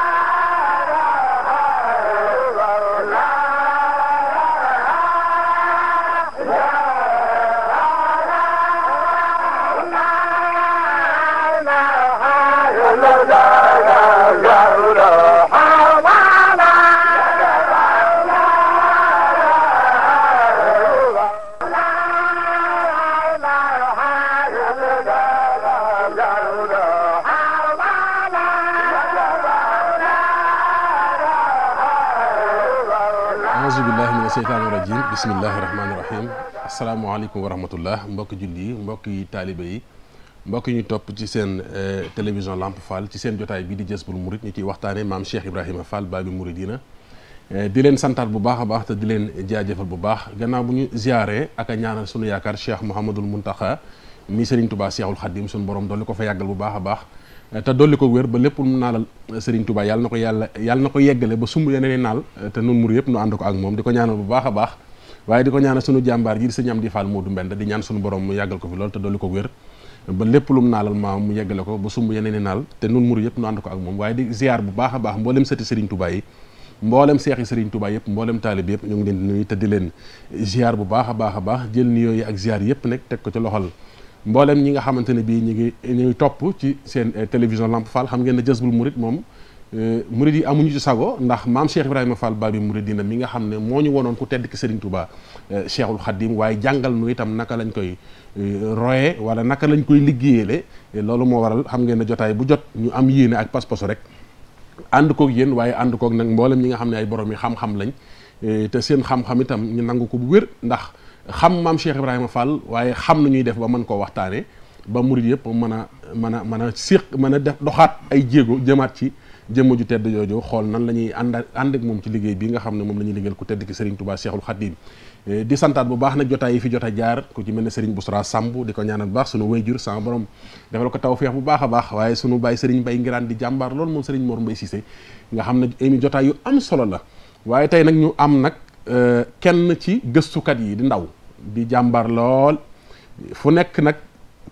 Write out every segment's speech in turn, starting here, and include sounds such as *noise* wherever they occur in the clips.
Ah! bismillahirrahmanirrahim rahmaani rahim asalaamaaleykum wa rahmatullah mbokki julli mbokki yi mbok ñu top ci seen eh, télévision Lamp Fall ci sen jotay bi di jess Jazboul Mouride ñi ci waxtane mam Cheikh Ibrahima Fall Baabul Mouridina eh, di len santaat bu baax baax te di len jaajeufal bu baax gannaaw bu ñu ziaré ak ñaanal sunu yaakar Cheikh Mouhamadul Muntaxa mi Serigne Touba Cheikhul Khadim sun borom dolli ko fa yagal bu baax baax eh, ta dolli ko wër ba lépp mu naalal Serigne Touba yalla nako yalla yalla nako na yeggale ba sumu yeneene naal te non mur yëpp nu ànd ko ak mom diko ñaanal bu baax baax waaye di ko ñaanal sunu jàmbaar ji di sëñ Amdi Fall Moodu Mbend di ñaan sunu borom mu yàggal ko fi lool te dolli ko wér ba lépp lum naalal maam mu yeggale ko ba sumb yeneen i naal te nun muru yëpp nu ànd ko ak moom waaye di ziar bu baax a baax mboolem sëti Serigne Touba yi mboolem seexi Serigne Touba yëpp mboolem taalib yëpp ñu ngi leen di nuyu te di leen ziar bu baax a baax a baax jël nuyoo yi ak ziar yëpp nag teg ko ci loxol mboolem ñi nga xamante ne bii ñu ngi ñu topp ci seen eh, télévision Lamp Fall xam ngeen ne Jazbul Murid moom Euh, murid yi amuñu ci sago ndax maam Cheikh Ibrahima Fall Babi Mouridina mi nga xam ne moo ñu wonoon ku tedd ki Serigne Touba euh, Cheikhul Khadim waaye jàngal nu itam naka lañ koy euh, roye wala naka lañ koy liggéeyale loolu moo waral xam ngeen ne jotaay bu jot ñu am yéene ak rek ànd koog yéen waaye ànd koog nag mboolem ñi nga xam ne ay borom yi lañ te seen xam itam ñu nangu ko bu wér ndax xam maam Cheikh Ibrahima waaye xam na ñuy def ba mën koo waxtaanee ba murid yëpp mën a mën a mën a séq mën a def doxaat ay jéego jëmaat ci. jëmm ju tedd jooju xool nan la ñuy ànd ànd ak moom ci liggéey bi nga xam ne moom la ñuy liggéeyal ku tedd ki Serigne Touba Cheikhul Khadim eh, di santaat bu baax nag jotaay yi fi jot a jaar ku ci mel ne Serigne Bousra Samb di ko ñaanal bu baax sunu wayjur sama borom defal ko tawfeex bu baax a baax waaye sunu baay Serigne Mbaye Ngiraan di jàmbaar loolu moom Serigne Mor Mbaye Cissé nga xam ne émi jotaay yu am solo la waaye tey nag ñu am nag eh, kenn ci gëstukat yi di ndaw di jàmbaar lool nekk nag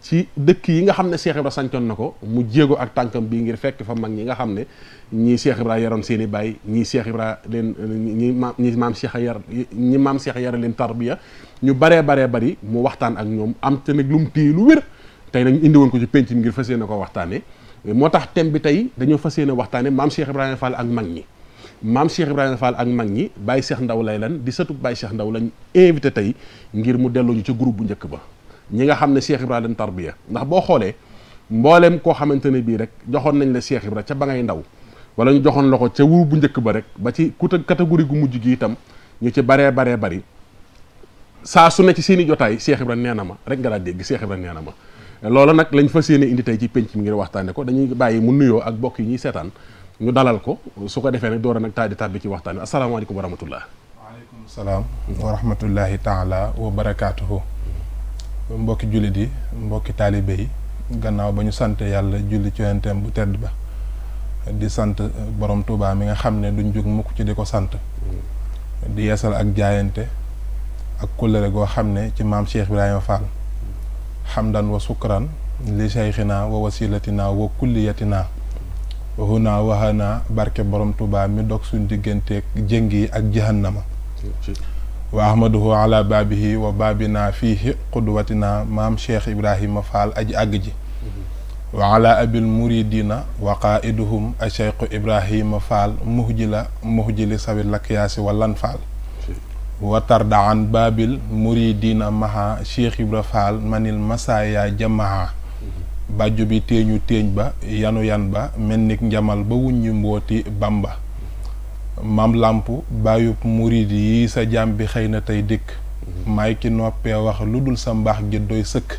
ci dëkk yi nga xam ne Cheikh Ibra sancoon na ko mu jéego ak tànkam bii ngir fekk fa mag ñi nga xam ne ñii Cheikh Ibra yaroon seen i baay ñii Cheikh Ibra leen ñi maam ñi maam ñi maam Cheikh yar leen tarbiya ñu baree baree bari mu waxtaan ak ñoom am te nag lu mu téye lu wér tey nag indi woon ko ci penc mi ngir fas yéene ko waxtaanee moo tax thème bi tey dañoo fas yéene waxtaanee maam Cheikh Ibrahima Fall ak mag ñi. maam Cheikh Ibrahima Fall ak mag ñi bàyyi seex Ndaw lay lan di sëtu Baye Cheikh Ndaw lañ invité tey ngir mu delloo ñu ci groupe bu njëkk ba. ñi nga xam ne Cheikh Ibra leen tarbiya ndax boo xoolee mbooleem koo xamante ne bii rek joxoon nañ la Cheikh Ibra ca ba ngay ndaw wala ñu joxoon la ko ca wu bu njëkk ba rek ba ci kuta catégorie gu mujj gi itam ñu ci baree baree bari saa su ne ci seeni i jotaay Cheikh Ibra nee na ma rek nga daa dégg Cheikh Ibra nee na ma loolu nag lañ fa yéene indi tey ci penc mi ngir waxtaane ko dañuy bàyyi mu nuyoo ak bokk yi ñuy seetaan ñu dalal ko su ko defee nag door a nag taal di ci waxtaan bi asalaamaaleykum wa rahmatullah waaleykum salaam wa rahmatullahi taala wa barakaatuhu mbokki jullit yi mbokki taalibe yi gannaaw ba ñu sant yàlla julli ci bu tedd ba di sant borom Touba mi nga xam ne duñ jóg mukk ci di ko sant di yeesal ak jaayante ak kóllëre goo xam ne ci maam Cheikh Ibrahima Fall xamdan wa sukran li seyxinaa wa wasilatinaa wa kulliyatinaa waxunaa waxanaa barke borom Touba mi dog suñ digganteeg jëng yi ak jahannama wa ahmaduhu ala baabihi wa baabina fiihi qudwatina maam cheikh ibrahima faal aji àgg ji wa ala abil muridina wa qaiduhum a cheikhu ibrahima faal muhji la muhji li sawi lakyaasi wa lan faal wa tarda an baabil muridina maha cheikh ibra faal manil masaaya jamaha bàjju bi téeñu téeñ ba yanu yan ba mel nik njamal ba wuññi mbooti bamba maam làmp bàyyub murid yi sa jaam bi xëy na tey dikk maay mhm. ki noppee wax lu dul sa mbaax gi doy sëkk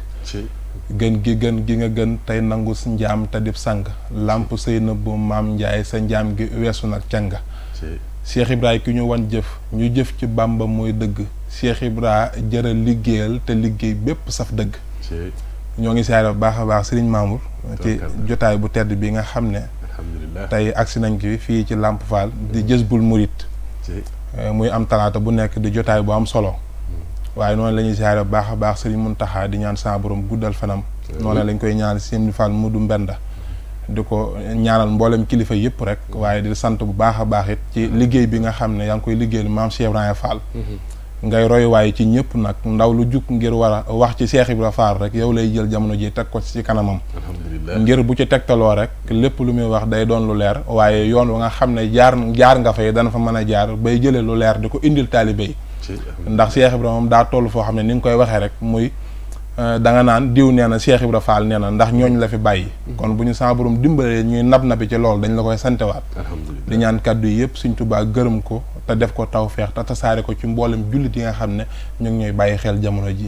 gën gi gën gi nga gën tey nangu njaam te dib sang làmp sëy na bu maam njaay sa njaam gi weesu nag canga Cheikh Ibra ki ñu wan jëf ñu jëf ci Bàmba mooy dëgg Cheikh Ibra jëra liggéeyal te liggéey bépp saf dëgg ñoo ngi siyaare bu baax a baax Serigne Mamour ci jotaay bu tedd bi nga xam ne alhamdulilah tey agsi nañ ki fii ci Lamp Fall di bul murit eh, muy am talaata bu nekk di jotaay bu am solo hmm. waaye noonu lañuy ñuy siyaare bu baax a baax Serigne Mountakha di ñaan sa borom guddal fanam noonu lañ koy ñaan Serigne Fall Modou Mbenda di ko ñaanal mboolem kilifa yëpp rek hmm. waaye di sant bu baax a baax it ci hmm. liggéey bi nga xam ne yaa ngi koy liggéeyal maam Cheikh Ibrahima ngay waaye ci ñëpp nag ndaw lu jug ngir war wax ci Seex Ibra Faal rek yow lay jël jamono ji teg ko ci kanamam ngir bu ci tegtaloo rek lépp lu muy wax day doon lu leer waaye yoon wa nga xam ne jaar jaar nga fay dana fa mën a jaar bay jëlee lu leer di ko indil taalibe yi ndax Seex Ibra moom daa toll foo xam ne ni nga koy waxee rek muy euh, da naan diw nee na Seex Ibra Faal nee na ndax ñooñ la fi bàyyi kon bu ñu sa borom dimbalee ñuy nab nabi ci lool dañ la koy santewaat di ñaan kàddu yi yëpp Sëñ Tuubaa gërëm ko te def ko taw feex te tasaare ko ci mboolem jullit yi nga xam ne ñu ngi ñooy bàyyi xel jamono ji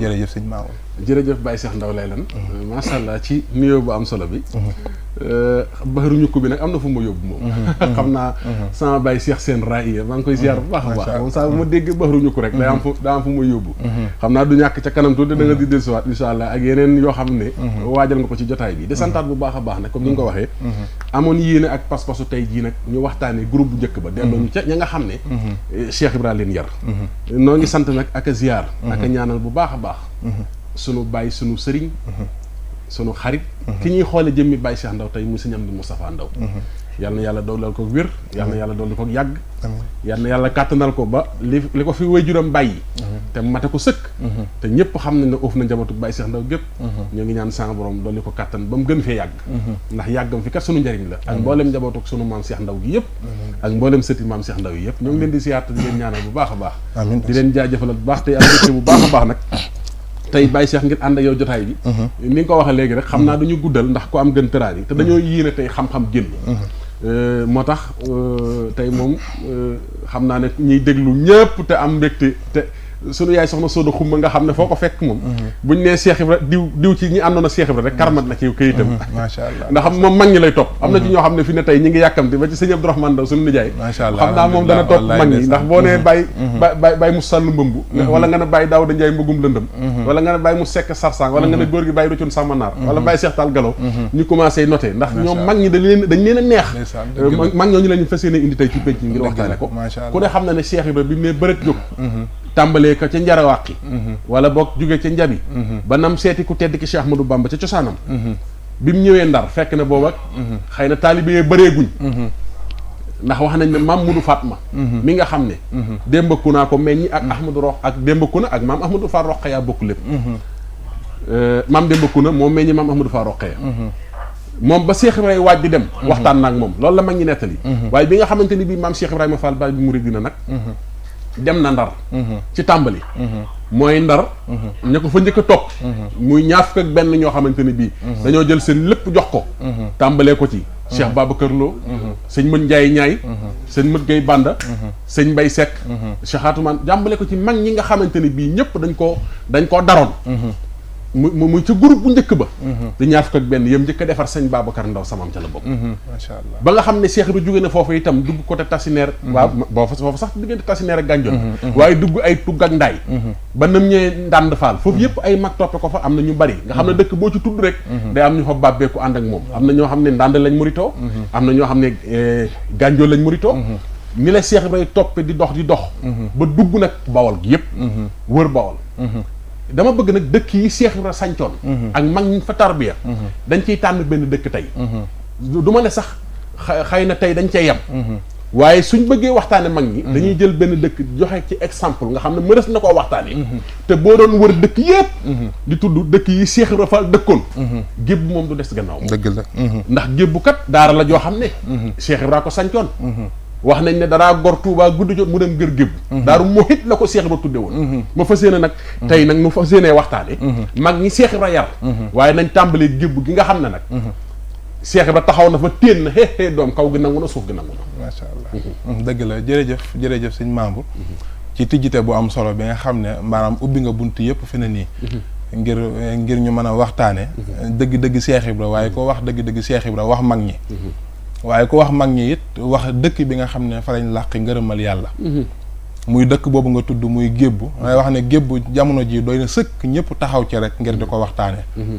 jërëjëf sëñ Mamoune jërëjëf Baye seex Ndaw lay lan mm-hmm. macha allah ci nuyoo bu am solo bi mm-hmm. Euh, baxaru ñukk bi nag am na fu ma yóbbu moom mhm. *laughs* xam naa mhm. Mhm. sama bàyyi seex seen raay maa ngi koy ziar bu baax a baax moom saa bu ma dégg baxaru ñukk rek day am fu daa am fu ma yóbbu xam naa du ñàkk ca kanam tuuti da nga di dellusiwaat incha allah ak yeneen yoo xam ne waajal nga ko ci jotaay bi di santaat baax a baax nag comme ni nga ko waxee amoon yéene ak pas-pasu nag ñu waxtaanee groupe bu ba delloo ñu ca ña nga xam ne Cheikh Ibra leen yar noo ngi sant nag ak a ziar ak a ñaanal bu baax a baax sunu bàyyi sunu sëriñ sunu xarit. ki ñuy xoole jëmmi Baye seex Ndaw tey mu sëñ Amdi Moustapha Ndaw yal na yàlla doolal ko wér. yal na yàlla doolal ko yàgg. yal yàlla kàttanal ko ba li li ko fi waajuram bàyyi. te mate ko sëkk. te ñëpp xam nañ ne oof na njabootu Baye seex Ndaw gépp. ñoo ngi ñaan san borom dolli ko kàttan ba mu gën fee yàgg. ndax yàggam fi kat sunu njariñ la. ak mboolem njabootu sunu maam Cheikh Ndaw gi yëpp. ak mboolem sëti maam Cheikh Ndaw yi yëpp ñoo ngi leen di siyaat di leen ñaanal bu baax a baax. di leen baax te am baax a baax nag tey Baye Cheikh ngir ànd ak yow jotaay bi mhm. ni nga ko waxee léegi rek xam naa mhm. duñu guddal ndax ku am gën tëraar yi te dañoo mhm. yéene tey xam-xam génn euh, moo tax euh, tey moom euh, xam naa ne ñuy déglu ñëpp te am mbégte te sunu yaay soxna Soda Xumma nga xam ne foo ko fekk moom. buñ nee Cheikh Ibra diw diw ci ñi àndoon ak Cheikh rek karmat na ci këyitam. Mm-hmm. macha allah ndax moom mag ñi lay topp. am na ci mm-hmm. ñoo xam ne fi ne tey ñi ngi yàkkamti ba ci sëñ Abdourahmane Ndaw sunu nijaay. macha allah xam naa moom dana topp mag ñi ndax boo nee bàyyi. bàyyi bàyyi mu sàll mbëmb. wala a neex euh, mag ngir waxtaane ko ku ne xam na ne Cheikh Ibra bi ne bërët jóg mm-hmm. tàmbalee ko ca njarawàqi mhm. wala boog jóge ca njabi mhm. ba nam seeti ku tedd ki Cheikh Ahmadou Bamba ca cosaanam mhm. bi mu ñëwee ndar fekk na booba xëy na taalibe yee bëreeguñ ndax wax nañ ne maam Mudu ma mi nga xam ne démba ku naa ko meññi ak Ahmadou Rox ak démba ku na ak maam Ahmadou Fat Roqe yaa bokk lépp euh, maam démba ku na moo meññi maam Ahmadou Fat Roqe ya moom ba Cheikh Ibrahima waaj di dem waxtaan naag moom loolu la mag ñi nettali waaye bi nga xamante ni dem na ndar mhm. ci tàmbali mhm. mooy ndar mhm. ña ko fa njëkk a topp muy ñaar fukk ak benn ñoo xamante ne bii dañoo jël seen lépp jox ko tàmbalee ko ci Cheikh Babacar Lo sëñ mën Njaay ñaay seen mët Gay Banda sëñ Mbay Seck Cheikh Atumaan jàmbale ko ci mag ñi nga xamante ne bii ñëpp dañ koo dañ koo daroon mu mu ci groupe bu njëkk ba. Mhm. di ñaar fukk ak benn yëm njëkk a defar sëñ Babacar Ndaw samam ca la bokk. Mhm, ba nga xam ne Cheikh bi jóge na foofu itam dugg côté Tassinère. Mhm. waaw boo fa foofu sax diggante Tassinère ak Ganjon. waaye dugg ay tugg ak ba nam ñee ndànd faal foofu yëpp ay mag toppe ko fa am na ñu bari. nga xam ne dëkk boo ci tudd rek. day am ñu fa bàbbeeku ànd ak moom. am na ñoo xam ne ndànd lañ muritoo. am na ñoo xam ne eh, Ganjon lañ muritoo. ni la Cheikh bay toppe di dox di dox. ba dugg nag bawol gi yëpp. wër bawol dama bëgg nag dëkk yi Cheikh Ibra sancoon mhm. ak mag ñi fa tarbiya mhm. dañ ciy tànn benn dëkk tey mhm. du ma ne sax xëy na tey dañ cay yem waaye suñ bëggee waxtaanee mag ñi dañuy jël benn dëkk joxe ci exemple nga xam ne mënees na koo waxtaanee te boo doon wër dëkk yépp di tudd dëkk yi Cheikh Ibra Fall dëkkoon gébb moom du des gannaaw dëgg la ndax gébbu kat daara la joo xam ne Cheikh Ibra ko sancoon wax nañ ne daraa gor Touba gudd jot mu dem gër gébb mhm. daaru muhit la ko Seex Ibra tudde woon mhm. ma fa yéene nag tey nag nu fas yéenee waxtaane mhm. mag ñi Seex Ibra yar waaye nañ tàmbalee gébb gi nga xam ne nag Seex Ibra taxaw na fa téen na xee xee gi nangu na suuf na macha allah dëgg la jërëjëf jërëjëf sëñ Mamour ci tijjite bu am solo bi nga xam ne maanaam ubbi nga bunt yëpp fi ne nii ngir ngir ñu mën a waxtaane dëgg-dëgg Seex Ibra waaye ko wax dëgg-dëgg Seex Ibra wax mag ñi waaye ku wax mag ñi it wax dëkk bi nga xam ne fa lañ làqi ngërëmal yàlla mhm. muy dëkk boobu nga tudd muy gébb may wax ne gébbu jamono ji doy na sëkk ñëpp taxaw ci rek ngir di ko waxtaane mhm.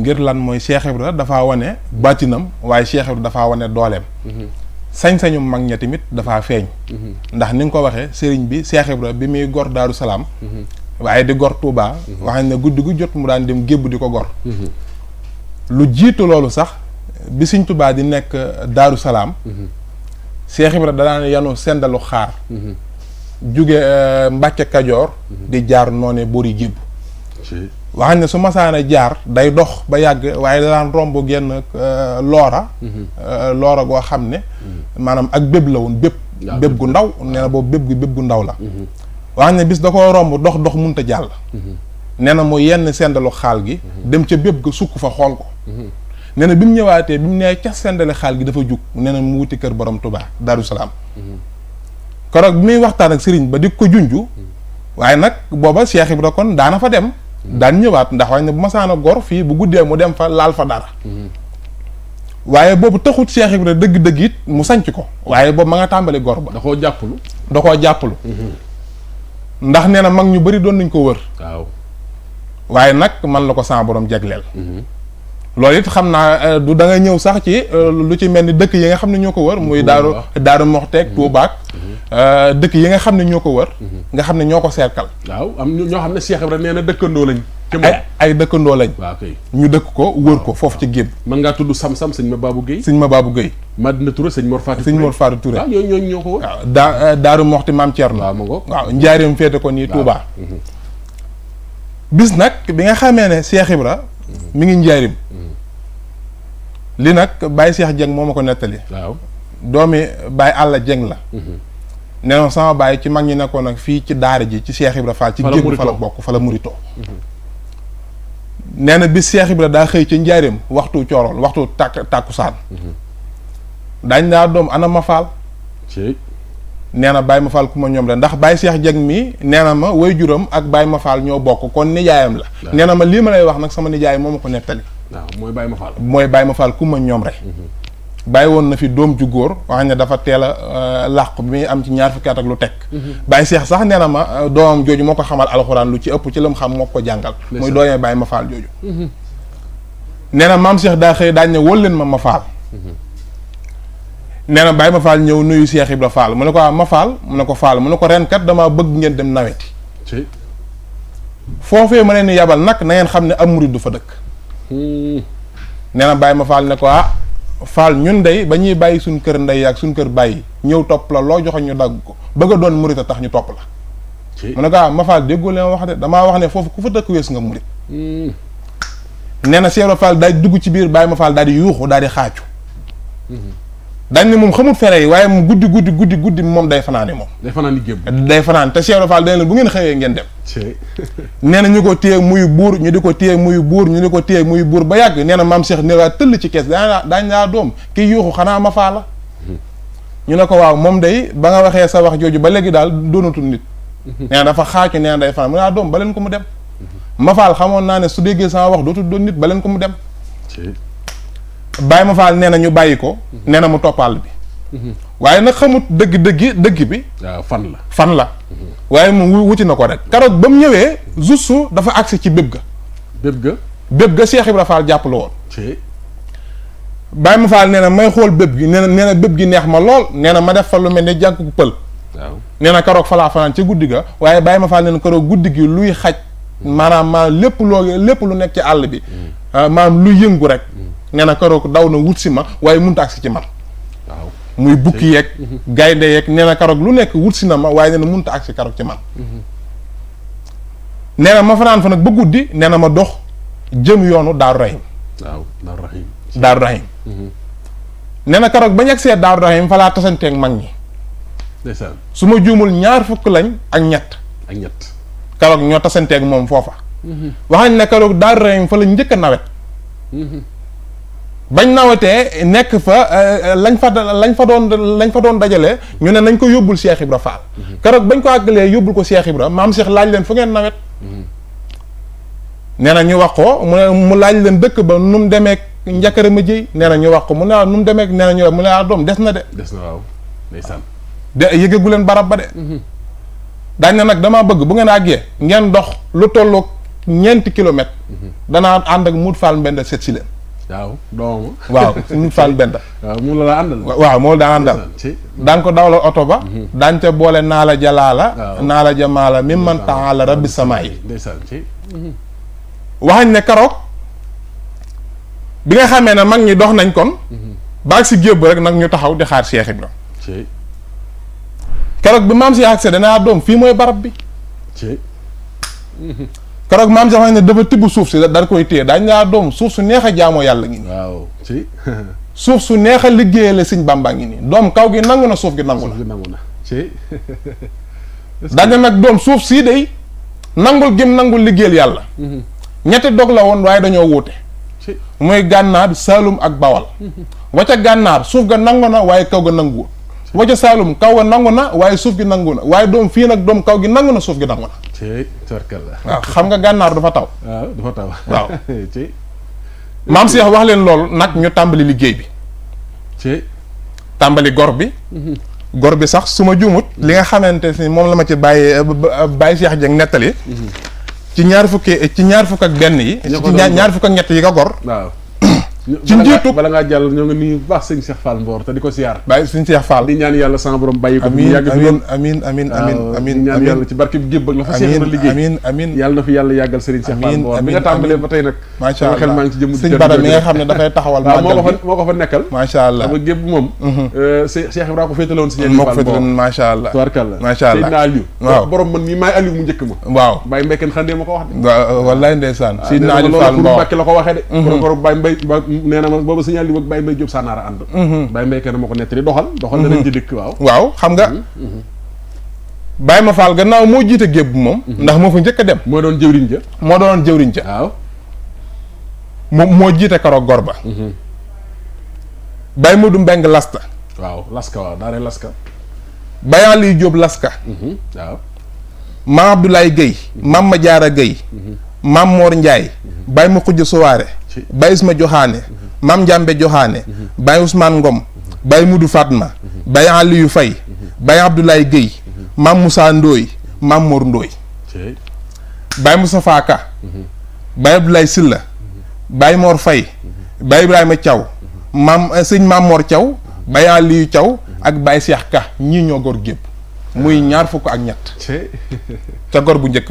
ngir lan mooy Cheikh la dafa wane bàttinam waaye Cheikh Ibra dafa wane dooleem mhm. sañ-sañu mag ña tamit dafaa feeñ ndax ni nga ko waxee sëriñ bi Cheikh Ibra bi muy gor Daaru Salaam waaye di gor Touba wax ne guddi gu jot mu daan dem gébb di ko gor lu jiitu loolu sax bi Sëñ di nekk Daaru Salaam mhm. Seex Ibra danaa yanu sendalu xaar mhm. jóge eh, Mbàkke Kajoor mhm. di jaar noone bori jib waxañ ne su masaana jaar day dox ba yàgg waaye daan romb genn eh, loora eh, loora goo xam ne maanaam ak béb la woon béb béb gu ndaw nee na boobu béb gu béb gu ndaw la waxañ ne bis da ko romb dox dox munta jàll nee na mu yenn sendalu xaal gi dem ca béb ga sukk fa xool ko Nenek bimu bi bimu ñëwaatee bi ca sendale xaal gi dafa juk nee mu wuti kër borom Touba Darou Salaam. Mm-hmm. koroog bi muy waxtaan ak Serigne ba di ko junju mm-hmm. waye nak boba Cheikh Ibrahim kon daana fa dem. Mm-hmm. daan ñëwaat ndax waaye ne bu masaan a gor fi bu guddee mu dem fa laal fa dara. waye bobu taxut Cheikh Ibrahim deug deug it mu sanc ko waye bobu ma nga gor ba. da da ndax mag ñu bari doon nañ ko wër. man la ko borom loolu it xam naa euh, du da nga ñëw sax ci euh, lu ci mel ni dëkk yi nga xam ne ñoo ko wër muy daaru daaru moxteeg tuubaak mhm. euh, dëkk yi nga xam ne ñoo ko wër mhm. nga xam ne ñoo ko seerkal waaw am ñoo xam ne Cheikh Ibrahima nee na dëkkandoo lañ ay ay dëkkandoo lañ waaw ñu dëkk ko wër ko foofu ci génn mën ngaa tudd sam-sam sëñ ma baabu Guèye sëñ ma baabu Guèye Madina Touré sëñ Mor Fatou sëñ Mor Fatou Touré waaw ñooñu ñoo ko daa daaru moxti maam Thierno waaw ma ngo waaw njaarim féete ko nii Touba mhm. bis nag bi nga xamee ne Cheikh Ibra mi ngi njaarim li nag baay seex Dieng moom a ko nettali. waaw doomi baay àlla Dieng la. Mhm. ne noon sama baay ci mag ñi nekkoon nag fii ci daara ji ci Cheikh Ibra Fall ci géej fa la bokk fa la murito mhm. nee na bi Cheikh Ibra daa xëy ci njaarim waxtu cooroon waxtu tàkk tàkkusaan mhm. daañ daa doom ana ma faal nee na Baye Mafal ku ma ñoom la ndax bàyyi Cheikh jeg mi nee na ma woy juram ak Baye Mafal ñoo bokk kon nijaayam la nee na ma lii ma lay wax nag sama nijaay moom ma ko nettali waaw mooy Baye Mafal mooy Baye Mafal ku ma ñoom rek mhm. bàyyi woon na fi doom ju góor wax ne dafa teel a euh, làqu bi muy am ci ñaar fukki lu teg mhm. bàyyi seex sax nee na ma euh, doomam jooju moo ko xamal alxuraan lu ci ëpp ci la mu xam moo ko jàngal muy doomee bàyyi ma faal jooju mhm. nee na maam seex daa xëy daañ ne wóol leen ma ma faal nee na bàyyi ma faal ñëw nuyu Cheikh Ibra Fall mu ne ko ah ma mu ne ko faal mu ne ko ren kat damaa bëgg ngeen dem naweti foofee ma leen yabal nag na xam ne am murid du fa dëkk. Hmm. nee na bàyyi ma faal ne ko ah faal ñun dey ba ñuy bàyyi suñ kër ndey ak suñ kër bàyyi ñëw topp la loo joxe ñu dagg ko bëgg a doon murid a tax ñu topp la. mu ne ko ah ma déggoo leen wax de damaa wax ne foofu ku fa dëkk wees nga murid. Hmm. nee na Cheikh Ibra Fall dugg ci biir bàyyi ma faal daal di yuuxu daal di xaaju. Hmm. dañ ni mom xamul fere yi waaye mu guddi guddi guddi guddi moom day fanaane mom day fanaan ni day fanaan te Cheikh Fall dañ la bu ngeen xëyee ngeen dem. néna ñuko ñu muy bour ñu diko ko muy bour ñu diko ko muy bour ba yag néna mam Cheikh néwa teul tëll ci kees daañu laa daañu laa doom kii yuuxu xana ma fa la. ñu nako waaw mom day ba nga waxé sa wax joju ba légui dal donatu nit. néna dafa xaacu néna day fanaan mu naa doom ba leen ko mu dem. ma faal xamoon naa ne su déggé sa wax dotu don nit ba leen ko mu dem. Baye ma faal nee na ñu bàyyi ko. nee na mu toppal bi. waaye nag xamut dëgg dëgg dëgg bi. fan la fan la. waaye mu wuti na ko rek. keroog ba mu ñëwee juste dafa agsi ci béb ga. béb ga béb ga Cheikh Ibra Fall jàpp la woon. Baye ma faal nee na may xool béb gi nee na nee na béb gi neex ma lool nee na ma def fa lu mel ne jànku pël. waaw nee na keroog falaa fanaan ca guddi ga waaye bàyyi ma faal nee na keroog guddi gi luy xaj. maanaam maanaam lépp loo lépp lu nekk ci àll bi. Mm. Ah, maanaam lu yëngu rek. Mm. nee na keroog daw na wut si ma waaye mënut a agsi ci man. muy bukki yeeg. gaynde yeek nee na keroog lu nekk wut si na ma waaye nee na mënut a agsi keroog ci man. Mhm. nee na ma fanaan fa nag ba guddi nee na ma dox jëm yoonu Daaru Rahim. Daaru Rahim. Daaru Rahim. Mhm. nee na keroog ba ñu agsee Daaru Rahim fa laa tasanteeg mag ñi. ndeysaan su ma juumul ñaar fukk lañ ak ñett. ak ñoo tasanteeg moom foofa. Mhm. waxañ ne keroog Daaru Rahim fa la njëkk nawet. bañ nawetee nekk fa euh, euh, lañ fa lañ fa doon lañ fa doon dajale ñu ne nañ ko yóbbul Cheikh Ibra Fall mhm. keroog bañ ko àggalee yóbbul ko Cheikh Ibra maam Cheikh laaj leen fu ngeen nawet mhm. nee na ñu wax ko mu ne mu laaj leen dëkk ba nu mu demeek njakara ma jëy nee na ñu wax ko mu ne waaw ah, nu mu demeek nee na ñu mu ne ah doom des na de des na waaw ndeysaan de yëgagu leen barab ba de mhm. daañ na nag damaa bëgg bu ngeen àggee ngeen dox lu tollook ñeenti kilomètre danaa ànd ak Mout Fall Mbenda seet si leen waaw doomu waaw suñu Fall Benda. waaw mu la la àndal. waaw moom daan àndal. daan ko dawla oto ba. Mhm. daan ca boole naala jalaala. waaw naala jamaala mi man taala rabbi samaay. Mhm. waxañ ne karoog bi nga xamee ne mag ñi dox nañ kon. Mhm. baag si gébb rek nag ñu taxaw di xaar Cheikh Ibra. keroog bi maam si accès danaa doom fii mooy barab bi. keroog maam Cheikh ne dafa tibb suuf si da koy téye dañ laa doom suuf su neex a jaamoo yàlla ngi nii. waaw ci. *laughs* suuf su neex a liggéeyale sëñ Bàmba ngi nii doom kaw gi nangu na suuf gi nangu na. suuf gi na ci. *laughs* nag doom suuf sii day nangul gim nangul liggéeyal yàlla. Mhm. ñetti dog la woon waaye dañoo wuute. mooy gànnaar Saalum ak Bawal. Mhm. wacca gànnaar suuf ga nangu na waaye kaw ga nanguwul. wajja salum kaw wa nanguna way suuf gi nanguna na dom fi nak dom kaw gi nanguna suuf gi ci na waaw xam nga gànnaar dafa ah, taw waaw dafa taw waaw mam Cheikh wax len lol nak ñu tambali liggéey bi ci tambali gor bi mhm. gor bi sax suma jumut li nga xamante mom la ma ci baye baye Cheikh Dieng netali mhm. ci ñaar fukki ci ñaar fukk ak ben yi ci ñaar fukk ak ñet yi ga gor waaw ci bala ngaa jàll ñoo ngi nuyu baax sëñ Cheikh Fall Mbor te di ko siyaar Amin. Amin. Cheikh Fall di ñaan yàlla Amin. borom Amin. ko Amin. Amin. Amin. lool amin amin amin amin ñaan yàlla ci barke Amin. gébb ak la fa Cheikh na liggéey amin amin Amin. na fi yàlla Amin. sëriñ Cheikh Fall Mbor bi nga tàmbalee ba tey Amin. macha allah xel Amin. ngi ci jëm Amin. Bada mi nga Amin. ne Amin. taxawal Amin. *laughs* moo Amin. fa Amin. ko fa nekkal macha allah ama gébb moom *laughs* mhm. euh, Cheikh Ibra ko féetaloon sëñ moo ko féetaloon macha allah tubarkalla macha allah Seydina Aliou borom man mi maay Aliou mu njëkk ma waaw Baye Mbekken Xande ma wax de wallaay ndeysaan ah, Aliou Fall Mbor la ko waxee de mhm. nee na ma booba signal li ak Baye Mbaye Diop a ànd mhm. Baye Mbaye kenn moo ko nettali doxal doxal danañ ci dikk waaw waaw xam nga mhm, mhm. Baye ma faal gannaaw moo jiite géeb moom ndax moo fa njëkk a dem moo doon jëwriñ ja moo doon jëwriñ ja moo jiite karoog gor ba Baye Modou Mbeng lasta waaw laska waaw daare laska Baye Aliou Diop laska waaw maam Abdoulaye Guèye maam ma Jaara Guèye maam Moor Ndiaye Baye ma xujj Suwaare Baye Isma Joxaane Maam Njàmbe Joxaane Baye Ousmane Ngom Baye Mudu Fatma Baye Aliou Faye Baye Abdoulaye Guèye Maam Moussa Ndooy Maam Mor Ndooy Baye Moustapha Ka Baye Abdoulaye Silla Baye Mor Faye Baye Ibrahima Thiaw maam euh, Maam Mor Thiaw Baye Aliou Thiaw ak Baye Seex Ka ñii ñoo gor gépp muy ñaar fukk ak ñett ca gor bu njëkk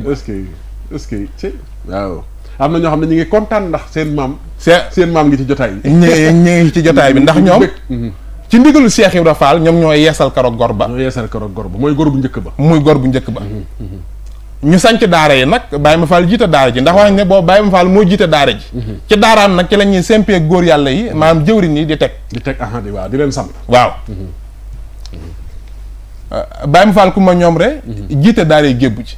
ba am na ñoo xam ne ñu ngi kontaan ndax seen maam. seen maam ngi ci jotaay bi. ñu ngi ci jotaay bi ndax *laughs* ñoom. Mhm. ci ndigalu Cheikh Ibra Fall ñoom ñooy yeesal keroog gor ba. ñooy yeesal keroog mooy gor bu njëkk ba. muy gor bu njëkk ba. Mhm. Mhm. ñu sanc daara yi nag Baye Ma Fall jiite daara ji ndax wax ne boo Baye mu Fall moo jiite daara ci daaraam nag ci la ñuy sempee góor yàlla yi maanaam jëwriñ di teg. teg ah di waaw di leen samp. waaw. Euh, Baye Ma ku ma ñoom rek jiite daara yi gébbu ji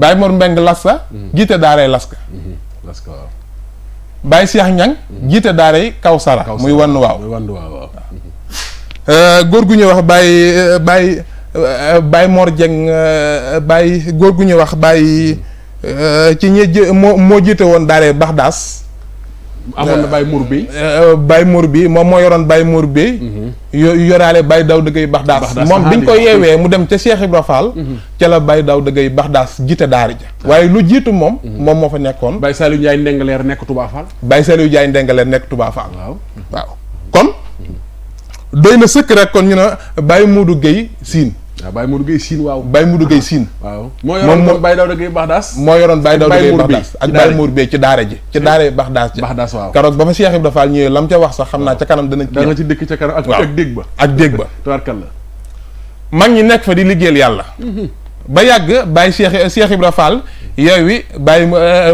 Baye Mor Mbeng Lassa mhm. jiite daaray Laska mhm. Laska waaw Baye Cheikh Ñang mhm. jiite daaray Kawsara muy wann waaw muy wann euh, góor gu ñu wax Baye bay euh, bay euh, Mor Jeng Baye góor gu ñuy wax Baye ci ñi moo moo jiite woon daaray Baxdaas amoon na Baye Mour bi euh, euh, Baye Mour bi moom moo yoroon Baye Mour bi mm-hmm. yo yoraale Baye Daw dëggay Baxdaas moom biñ ko yeewee mu dem ca Cheikh Ibra Fall mm-hmm. ca la Baye Daw dëggay Baxdaas jiite daara ja waaye lu jiitu moom mm-hmm. moom moo fa nekkoon Baye Saliou Ndiaye Ndengaleer nekk Touba Fall Baye Saliou Ndiaye Ndengaleer nekk Touba Fall waaw waaw kon doy na sëkk rek kon ñu ne Baye Moudou Guèye Sine waaw Baye Modou Gueye Sine waaw. Baye Modou Gueye Sine. waaw moo yoroon Baye Dawda Gueye Baxdaas. moo yoroon Baye Dawda Gueye Baxdaas ak Baye Modou Bey ci daara ji ci daara Baxdaas ji Baxdaas waaw keroog ba fa Cheikh Ibrahima Fall ñëwee lam ca wax sax xam naa ca kanam dana da nga ci dëkk ca kanam ak ak dégg ba ak dégg ba *laughs* mag ñi nekk fa di liggéeyal yàlla mhm. ba yàgg Baye Cheikh Cheikh Ibrahima Fall yow wi Baye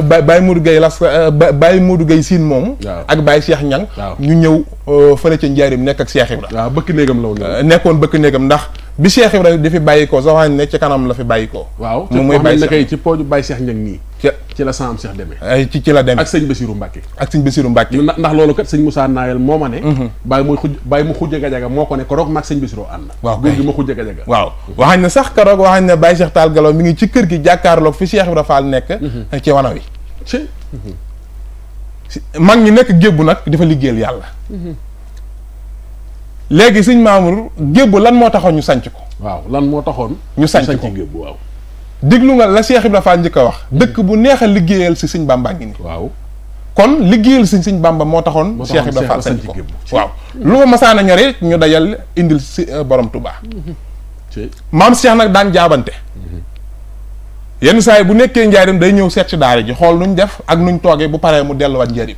Baye Modou Gueye las Baye Modou Gueye Sine moomu ak Baye Cheikh Ñang ñu ñëw euh, fële ca Njaarim nekk ak Cheikh Ibrahima waaw bëkk néegam la woon euh, nekkoon bëkk néegam ndax bi Cheikh Ibrahima di fi bàyyikoo ko sax ne ci kanam la fi bàyyi ko. waaw moom mooy bàyyi Cheikh ci pooju bàyyi Cheikh Ndiang nii. ci la saam Cheikh demee. ay ci ci la demee ak sëñ Bassirou Mbacke. ak sëñ Bassirou Mbacke. ndax loolu kat sëñ Moussa moo ma ne. Mhm. bàyyi mu xuj bàyyi mu xujja gajaga moo ko ne keroog maag sëñ Bassirou ànd. waaw góor gi ma xujja gajaga. waaw waxañ na sax keroog waxañ na bàyyi Cheikh Tall Galaw mi ngi ci kër gi jàkkaarloog fi Cheikh Ibrahima Fall nekk. Mhm. ci wana wi. ci mag ñi nekk gébbu nag dafa liggéeyal yàlla mhm. léegi sëñ Mamour Gébu lan moo taxoon ñu sanc ko. waaw lan moo taxoon. ñu sanc ko Gébu waaw. diglu nga la Cheikh Ibrahima dafaa njëkk a wax. Mm-hmm. dëkk bu neex a liggéeyal si sëñ Bamba ngi nii. waaw kon liggéeyal si sëñ Bamba moo taxoon. Cheikh Ibrahima Fall sanc ko waaw. lu ma masaana ñoree ñu dajal indil si euh, borom Touba. Mm-hmm. maam Cheikh nag daan jaabante. Mm-hmm. yenn saa yi bu nekkee njaarim day ñëw seet si daara ji xool ñu def ak ñu toogee bu paree mu delluwaat njariñ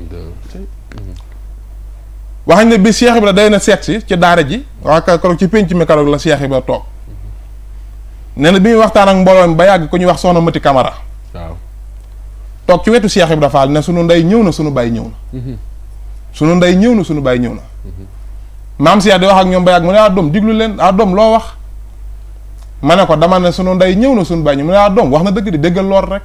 wax nañ ne bi Cheikh Ibra day na seet si ci daara ji waa keroog ci pénc mi keroog la Cheikh Ibra toog ne na bi muy waxtaan ak mbooloo mi ba yàgg ku ñuy wax soxna Mati kamara waaw toog ci wetu Cheikh Ibra Fall ne sunu ndey ñëw na sunu baay ñëw na mhm. sunu ndey ñëw na sunu baay ñëw na maam Cheikh di wax ak ñoom ba yàgg mu ne ah diglu leen ah doom loo wax ma ne ko dama ne sunu ndey ñëw na suñu bàyyi mu ne ah doom wax na dëgg di dëgg lool rek.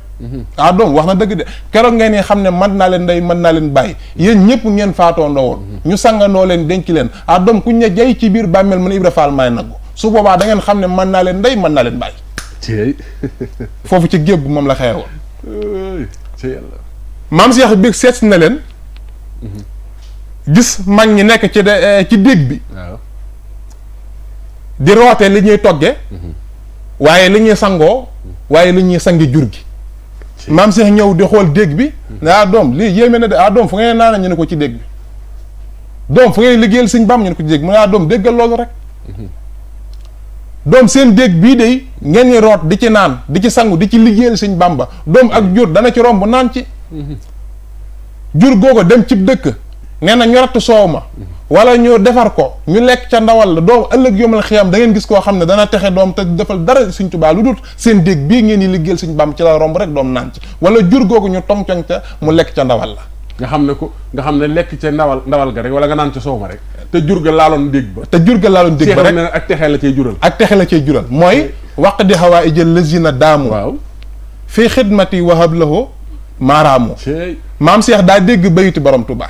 ah doom wax na dëgg de keroog ngeen xam ne man naa leen ndey mën naa leen bàyyi yéen ñëpp ngeen faatoo ndowoon ñu sangandoo leen denc leen ah doom kuñ ne jay ci biir bàmmeel mu ne Ibra Fall maay nag su boobaa da xam ne mën naa leen ndey mën naa leen bàyyi. foofu ci géej moom la xewoon. maam Cheikh bi seet na leen. gis mag ñi nekk ci de eh, ci déeg bi. li ñuy togge mhm. waaye li ñuy sangoo waaye li ñuy sangi jur gi maam Cheikh ñëw di xool dégg bi ah doom lii yéeme na de ah doom fu ngeen naana ñu ne ko ci dégg bi doom fu ngeen liggéeyal ñu ne ko ci dégg mu ne ah rek doom seen dégg bii de ngeen ñi root di ci naan di ci sangu di ci liggéeyal sëñ ba doom ak jur dana ci romb naan ci jur googu dem cib dëkk nee na soow ma wala ñu defar ko ñu lek ca ndawal la doom ëllëg yomal xiyam da ngeen gis ko xamne ne dana texe doom te defal dara Sëñ tuba lu dut seen deg bi ngeen ni liggéel Sëñ bam ci la romb rek doom naan ci wala jur gogu ñu tong tong ca mu lek ca ndawal la nga xamne ko nga xamne lek lekk ca ndawal ndawal ga rek wala nga naan ca soow rek te jur ga la lon deg ba te jur ga la lon deg ba rek ak texe la cay jural ak texe la cay jural moy waq di xawaa lazina damu waaw fii xidmati wahab lahu maramu mam Cheikh da deg bayiti borom Tuubaa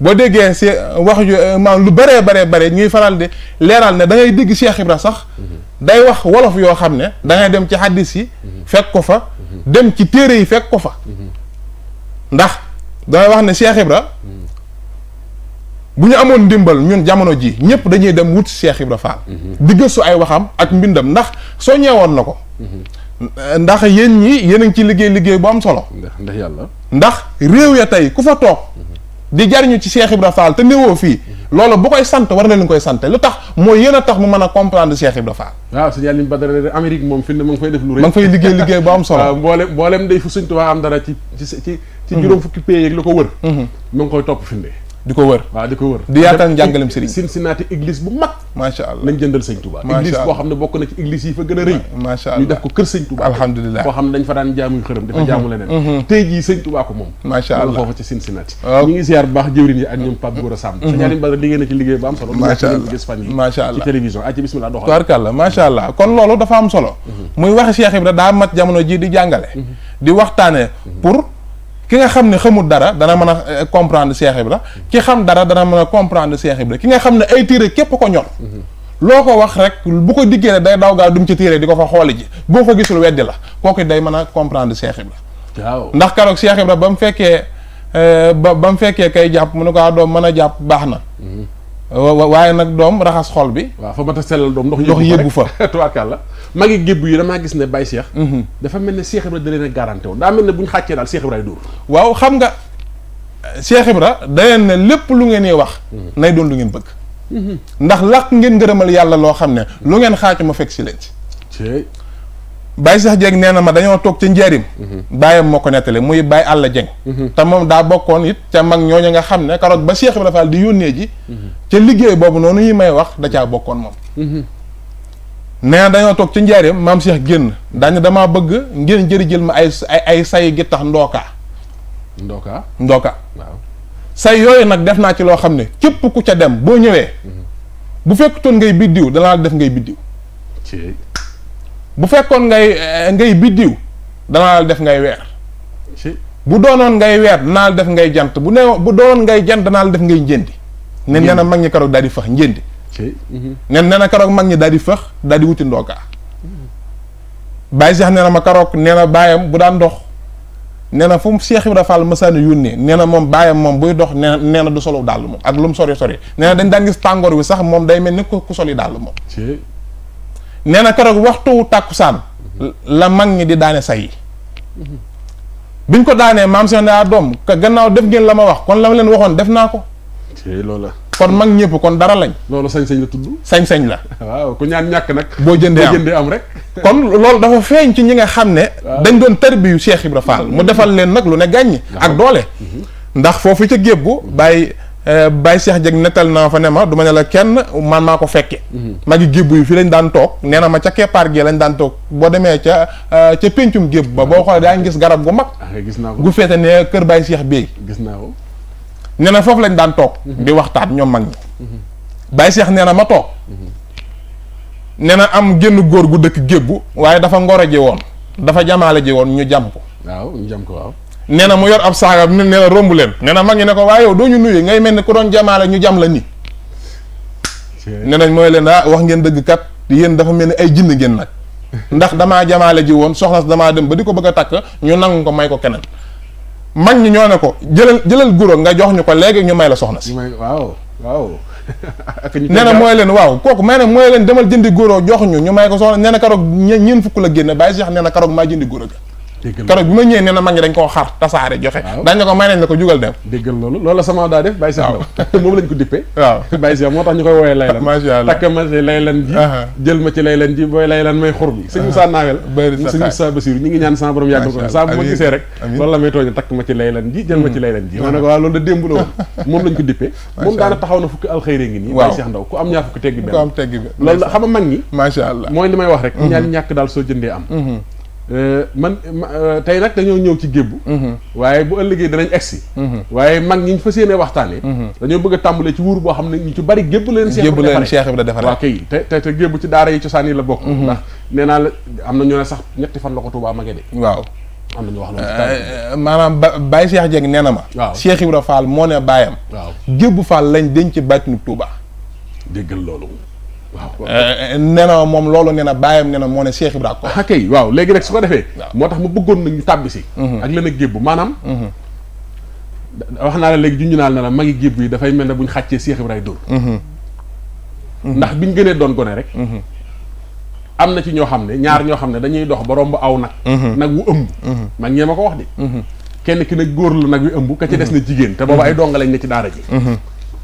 boo déggee si euh, wax ju euh, maanaam lu bëree baree bare ñuy faral di leeral ne dangay ngay dégg Cheikh Ibra sax day wax wolof yoo xam ne dangay dem ci xaddis yi fekk ko fa dem ci téere yi fekk ko fa ndax damay wax ne Cheikh Ibra bu ñu amoon ndimbal ñun jamono ji ñëpp dañuy dem wut Cheikh Ibra Fall di ay waxam ak mbindam ndax soo ñeewoon na ko ndax yéen ñi yéen a ngi ci liggéey liggéey bu am solo ndax réew ya tey ku fa toog di jariñu ci Cheikh Ibra Fall te newoo fii loolu bu koy sant war na leen koy sant lu tax mooy yéen tax mu mën a comprendre Cheikh Ibra Fall waaw sëñ Aline Badara Amérique moom fi ne ma ngi fay def lu rëy ma fay liggéey liggéey bu am solo *laughs* waaw mboolem mboolem day fu sëñ Tuubaa am dara ci ci ci ci juróom fukki pays yeeg lu ko wër mhm. ma koy topp fi di ko wër waaw di ko wër di yaataan Cincinnati église bu mag macha allah nañ jëndal sëñ Touba église boo xam ne bokk na ci église yi fa gën a rëy macha allah ñu allah kon loolu dafa am solo mhm. muy waxi Cheikh Ibra daa mat jamono ji di jàngale mhm. di waxtaane pour ki nga xam ne xamul dara dana mën a eh, comprendre Cheikh la ki xam dara dana mën a comprendre Cheikh Ibra ki nga xam ne ay téere képp ko ñor mm-hmm. loo ko wax rek bu ko diggee day daw gaa dum ci téere di ko fa xooli ji boo ko gisul weddi la kooku day mën a comprendre Cheikh Ibra waaw ndax keroog Cheikh Ibra ba mu fekkee eh, ba ba mu fekkee kay jàpp mu ne kaa ah, doom mën a jàpp baax na mm-hmm. waaye nag doom raxas xol bi. waaw fa mat a sellal doom ndox. ndox yëbbu fa *laughs* tubaarkàlla maa ngi gébbu yi damaa gis ne Baye Cheikh. Mhm. dafa mel ne Cheikh Ibra da leen a garanté woon daa mel ne bu ñu xàccee daal Cheikh Ibra ay dóor. waaw xam nga Cheikh Ibra da leen ne lépp lu ngeen wax. Mhm. nay doon lu ngeen bëgg. Mhm. ndax làq ngeen ngërëmal yàlla loo xam ne lu ngeen xaaj ma fekk si leen ci. Baye Cheikh jeeg nee na ma dañoo toog ci njariñ baayam moo ko nettale muy Baye Alla Dieng te moom daa bokkoon it ca mag ñooñu nga xam ne karoog ba Cheikh Ibrahima Fall di yónnee ji ca liggéey boobu noonu ñu may wax da caa bokkoon moom nee dañoo toog ci njaarim maam Cheikh génn daañu damaa bëgg ngeen jëri jël ma ay ay say gi tax ndookaa ndookaa ndookaa say yooyu nag def naa ci loo xam ne képp ku ca dem boo ñëwee mhm. bu fekkutoon ngay biddiw danaa def ngay biddiw bu fekkon ngay eh, ngay da na def ngay wer bu donon ngay wer na def ngay jant bu ne bu donon ngay jant na def ngay njëndi nen nena magni karok dadi fakh daal nen nee na karoog mag ñi daal mhm. wuti ndoka bàyyi seex nee ma karok nena bayam bu dan dox nena fum cheikh mu Fall masaani yónnee nena mom bayam mom buy dox nena du solo ak lum sori sori nena dañ gis wi sax mom day melni ku soli dàll nee na keroog waxtu saan la mag ñi di daane say yi biñ ko daanee maam seen daa doom ka gannaaw def ngeen la ma wax kon la ma leen waxoon def naa ko loola kon mag ñëpp kon dara lañ loolu sañ-sañ la tudd sañ-sañ la waaw ku ñaan ñàkk nag boo jëndee boo am rek kon loolu dafa feeñ ci ñi nga xam ne dañ doon tarbiyu Cheikh Ibra Fall mu defal leen nag lu ne gàññi ak doole ndax foofu ca géeb bu bàyyi Eh, Baye Cheikh Dieng na naa fa ne ma du ma ne la kenn man maa ko fekke mhm. magi gébb yi fii lañ daan toog nee ma ca keppaar gi lañ daan toog boo demee ca eh, ca péncum gébb ba boo xoolee daa ngi gis garab gu mag ah, gu feete ne kër Baye seex Bey gis naa na foofu lañ daan toog mhm. di waxtaan ñoom mag ñi mhm. Baye Cheikh nee na ma toog nee na am génn góor gu dëkk gébbu waaye dafa ngoro ji woon dafa jamaale ji woon ñu jam ko waaw ñu nee na mu yor ab saagam ne na romb leen nee na mag ñi ne ko waaye doo ñu nuyu ngay mel ni ku doon jamaale ñu jam la nii. nee mooy leen ah wax ngeen dëgg kat yéen dafa mel ni ay jinn ngeen nag *laughs* ndax damaa jamaale ji woon soxna damaa dem ba di ko bëgg a takk ñu nangu ko may ko keneen mag ñi ñoo ne ko jëlal jëlal guro nga jox ñu ko léegi ñu may la soxna si. waaw waaw. *laughs* nee na mooy leen waaw kooku may ne mooy leen demal jëndi guro jox ñu ñu may ko soxna nee na karoog ñeent fukk la génne bàyyi si xam nee na karoog maa jëndi guro gi Kalau gue ma ñëwee nee na mag ñi dañ koo xar tasaare kemarin dañ ko may nañ la sama ada, def bàyyi si ndaw *laughs* moom lañ ko dippee waaw *laughs* bàyyi si moo tax ñu laylan *laughs* allah takk ma si laylan ji jël ma ci laylan ji booy laylan may xur bi sëñ Moussa Nawel sëñ Moussa Basirou ñu ngi ñaan sama borom yàggal ko saa bu ma gisee rek loolu la may tooñ takk ma ci laylan ji jël ma ci laylan ji ma ne ini. waaw da démb la woon lañ ko daana taxaw na fukki ngi si ndaw ku am ñaar fukki tegg ku am tegg benn loolu xam nga mag allah mooy li wax rek mhm. ñaan ñàkk am mhm. Euh, man euh, tey nag dañoo ñëw ci gébbu mhm. waaye bu ëllëgee danañ egsi mhm. waaye mag ñi ñu fas yéenee waxtaanee mhm. dañoo bëgg a ci wuur boo xam ne ñu ci bari gébbu leen gébbu leen Cheikh Ibra defaree waaw kay te te gébbu ci daara yi cosaan yi la bokk ndax nee naa la am na ñoo ne sax ñetti fan la ko Tuubaa mage de waaw am nañu wax loolu euh, maanaam ba Baye Cheikh Dieng nee na ma waaw Cheikh Ibra Fall moo ne baayam waaw gébbu Fall lañ denc bàttinu Tuubaa déggal loolu Euh, euh, nee moom loolu nee na bàyyam nee na moo ne seex bi Ibrahima ko ah, kay waaw léegi nag su ko defee moo tax ma bëggoon nag ñu tàbbi si mhm. ak leen ak gébbu maanaam mhm. wax naa la léegi junju naa ne la magi gébbu yi dafay mel ne bu ñu xàccee Cheikh Ibrahima dóor mhm. ndax biñ gënee doon gone rek am na ci ñoo xam ne ñaar ñoo xam ne dañuy dox ba romb aw nag nag wu ëmb mag ñee ma ko wax de kenn ki nag góor la nag wi ëmb ka ci des na jigéen te booba ay dongaleñ ne ci daara ji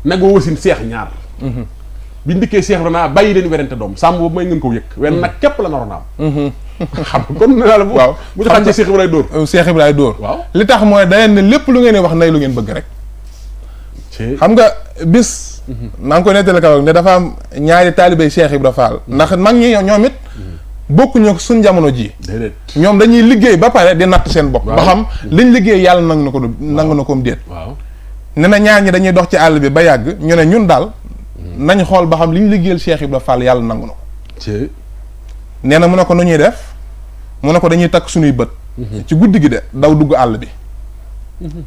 nag seex ñaar biñ dikkee Cheikh Ibrahima bàyyi leen werante doom sàmm boobu may ngeen ko yëg wenn nag képp la naroon am xam mm-hmm. nga *laughs* kon daal bu waaw bu xam ne Cheikh Ibrahima dóor euh, Cheikh Ibrahima waaw li tax mooy dayeen ne lépp lu ngeen wax nay lu ngeen bëgg rek xam nga bis mm-hmm. maa ngi koy nettali kaw ne dafa am ñaari taalibey Cheikh Ibrahima Fall mm-hmm. ndax mag ñi ñoom it bokkuñu suñ jamono ji ñoom dañuy liggéey ba pare di natt seen bopp ba xam liñ liggéey yàlla nangu na ko nangu na koom déet ne na ñaar ñi dañuy dox ci àll bi ba yàgg ñu ne ñun daal nañ xool ba xam li ñu liggéeyal Cheikh Ibra Fall yàlla nangu na ko nee na mu ne ko nu def mu ne ko dañuy takk suñuy bët mhm. ci guddi gi de daw dugg àll bi mhm.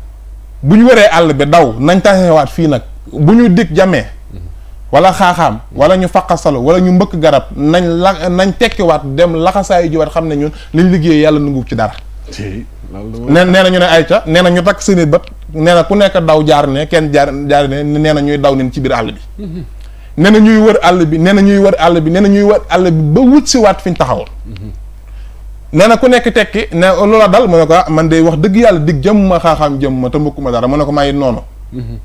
bu ñu weree àll bi daw nañ tasewaat fii nag bu ñu dig jamee mhm. wala xaaxaam wala ñu faqasalo wala ñu mbëkk garab nañ la nañ tekkiwaat dem laxasaayu jiwaat xam ne ñun liñ liggéey yàlla nangu ci dara nee na ñu ne ayca nee na ñu takk seen bët nee na ku nekk daw jaar ne kenn jaar jaar ne nee na ñuy daw nen ci biir àll bi mhm. nee na ñuy wër àll bi nee na ñuy wër àll bi nee na ñuy wër àll bi ba wut waat fi ñu taxawoon mhm. na ku nekk tekki ne loola dal mu ne ko ah, man de wax dëgg yàlla dig jëm ma xaaxaam jëm ma te mbukkuma dara mu ne ko may noonu mhm.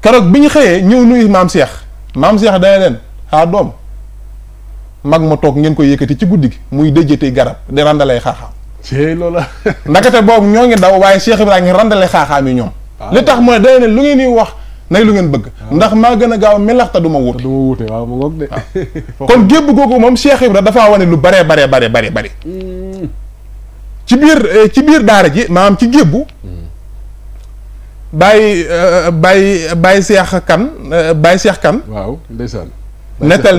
keroog bi ñu xëyee ñëw nuyu maam Seex maam Seex dana leen xaa doom mag ma toog ngeen ko yëkkati ci guddi gi muy dëjjati garab di randalay xaaxaam ci loola. ndakate boobu ñoo ngi daw waaye Cheikh Ibrahima ngi randale xaaxaam yi ñoom. Ah, li tax mooy day ne lu ngeen di wax nay lu ngeen bëgg. Ah. ndax maa gën a gaaw melax te du ma wuute. te du ma ah. *laughs* kon gébb googu moom Cheikh Ibrahima dafa wane lu baree baree baree baree bare. Mm. ci biir eh, ci biir daara ji maanaam ci gébbu. bàyyi bàyyi bàyyi seex kan eh, bàyyi seex kan. waaw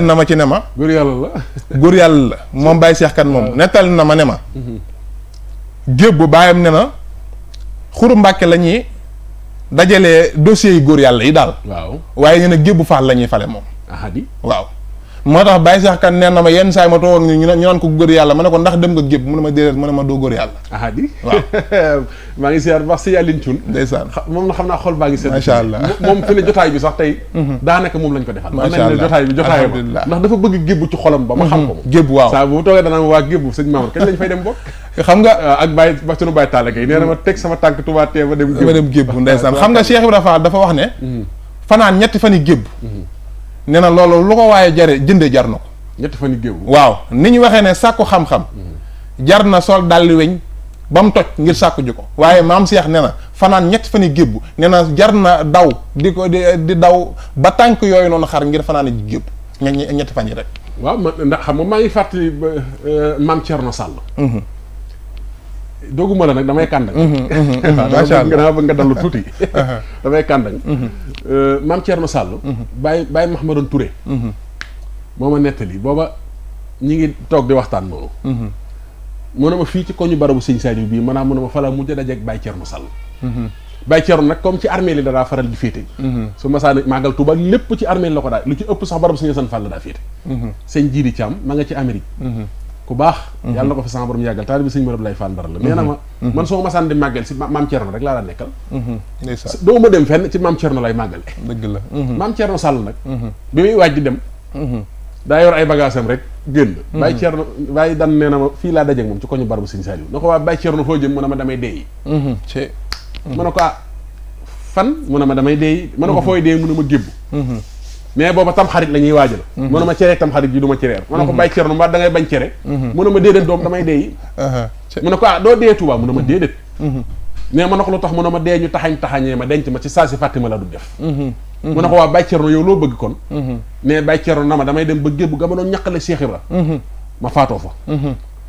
na ma ci ne ma. góor yàlla la. moom *laughs* bàyyi seex kan moom nettal na ma ne ma. Mm-hmm. jéeg bu baayam ne na xuru mbàkke la ñuy dajalee dossiers góor yàlla yi daal. waaw waaye ñu ne géebu faal la ñuy fale moom. waaw. moo tax Baye Cheikh kan nee na ma yenn saay ma toog ak ñu ñu naan ko góor yàlla nga gépp mu ne ma déedéet ma doo góor yàlla ah na *laughs* xam naa xol baa ngi seet macha allah moom fi ne bi sax mhm. moom lañ ko defal macha allah jotaay ndax dafa bëgg gébbu ci xolam ba ma xam mhm. ko gébb waaw saa bu toogee danaa *laughs* xam nga ah, ak Baye ba sunu Baye Talla Gueye nee mhm. sama tànk Touba tee ma dem ma dem gébbu *laughs* dafa wax ne fanaan ñetti fan yi gébb nee na loolu lu ko waaye jare jënde jar na ko. ñett fan géew waaw ni ñu waxee ne sàkku xam-xam. Mm. jar na sol dal weñ ba mu toj ngir sàkku ji ko waaye maam Cheikh nee na fanaan ñett fan yi gébb nee na jar na daw di ko di di daw ba tànk yooyu noonu xar ngir fanaan ji gébb ñetti fan yi rek. waaw man ndax xam nga maa ngi fàttali euh, maam Thierno Sall. Mm-hmm. dooguma la nag damay kàndang mhm, mhm, mhm. *laughs* macha allah danaa bëgg nga dallu tuuti *laughs* damay kàndang euh, maam Thierno Sall bàyyi bàyyi Mahmadoon Touré moo ma nettali booba ñu ngi toog di waxtaan noonu mu ne ma fii ci koñu barabu sëñ Sadio bii maanaam mu ne ma falaa mujj dajeeg Baye Thierno Sall Baye Thierno nag comme ci armée li danaa faral di féete su masaani màggal Tuuba lépp ci armée li la ko daa lu ci ëpp sax barabu sëñ Assane Fall la daa féete sëñ Jiidi Thiam ma nga ci Amérique ku baax mhm. yàlla na ko fi sama borom yàggal taalibe sëñ Mërab lay Fall Ndar la mhm. nee na ma mhm. man soo masaan di màggal si maam Thierno rek laa la nekkal doo ma dem fenn ci maam Thierno lay màggal dëgg la maam Thierno nag bi muy waaj di dem daa yor ay bagage rek génn bàyyi Thierno bàyyi dan nee ma fii laa dajeeg moom ci koñu barabu sëñ Saliou na ko waa bàyyi Thierno foo jëm mu ne ma damay deeyi ma ne ko ah fan mu ne ma damay deeyi ma ne ko fooy deeyi mu ne ma gébbu mais booba tam xarit la ñuy waajal mu mhm. ne ma cere tam xarit ji du ma cere ma ne ko bàyyi cere mbaa da ngay bañ cere mu ne ma déedéet doom damay deeyi mu ne ko ah doo dee Tuubaa mu ne ma mhm. déedéet mhm. mais ma ne ko lu tax mu ne ma dee ñu taxañ taxañee ma denc ma ci saa si fàtte ma la du def mu ne ko waa Baye Thierno yow loo bëgg kon mais Baye Thierno na ma damay dem ba géebu ga ma doon ñaqale Cheikh Ibra ma faatoo fa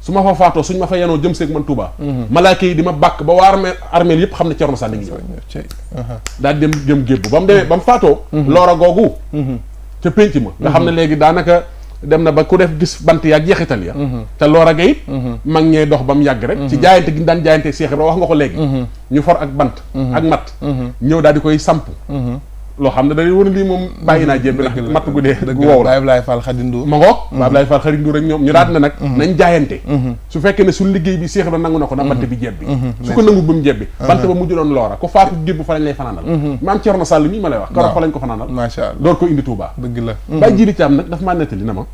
su ma fa faatoo suñ ma fa yanoo jëm seeg man Touba. Mhm. malaaka yi di ma bàkk ba waa armée armée yëpp xam ne saa Sall ngi ñëw. Uh-huh. daal dem jëm gébb ba mu demee ba mu faatoo. Mhm. loora googu. Mhm. ca pénc ma. nga xam ne léegi daanaka dem na ba ku def gis bant yaag jeexital ya. te loora ga it. mag ñee dox ba mu yàgg rek. ci jaayante gi ñu daan jaayante Seex Ibra wax nga ko léegi. ñu for ak bant. ak mat. ñëw daal di koy samp. loo xam ne da ngay won lii moom bàyyi naa jéem nag matt gu dee gu wow la Baye Ablaye Fall Khadindou ma ngoog Baye mm-hmm. Ablaye Fall rek ñoom ñu daat na nag mm-hmm. nañ jaayante mm-hmm. su fekkee ne suñ liggéey bi seex ba nangu na ko na bant bi jebbi su ko nangu ba mu jebbi bant ba mujj doon loora ko faatu jébbu fa lañ lay fanaanal maam Thierno Sall mii ma lay wax keroog fa lañ ko fanaanal door ko indi Touba dëgg la Baye Jili Thiam nag daf maa nettali na ma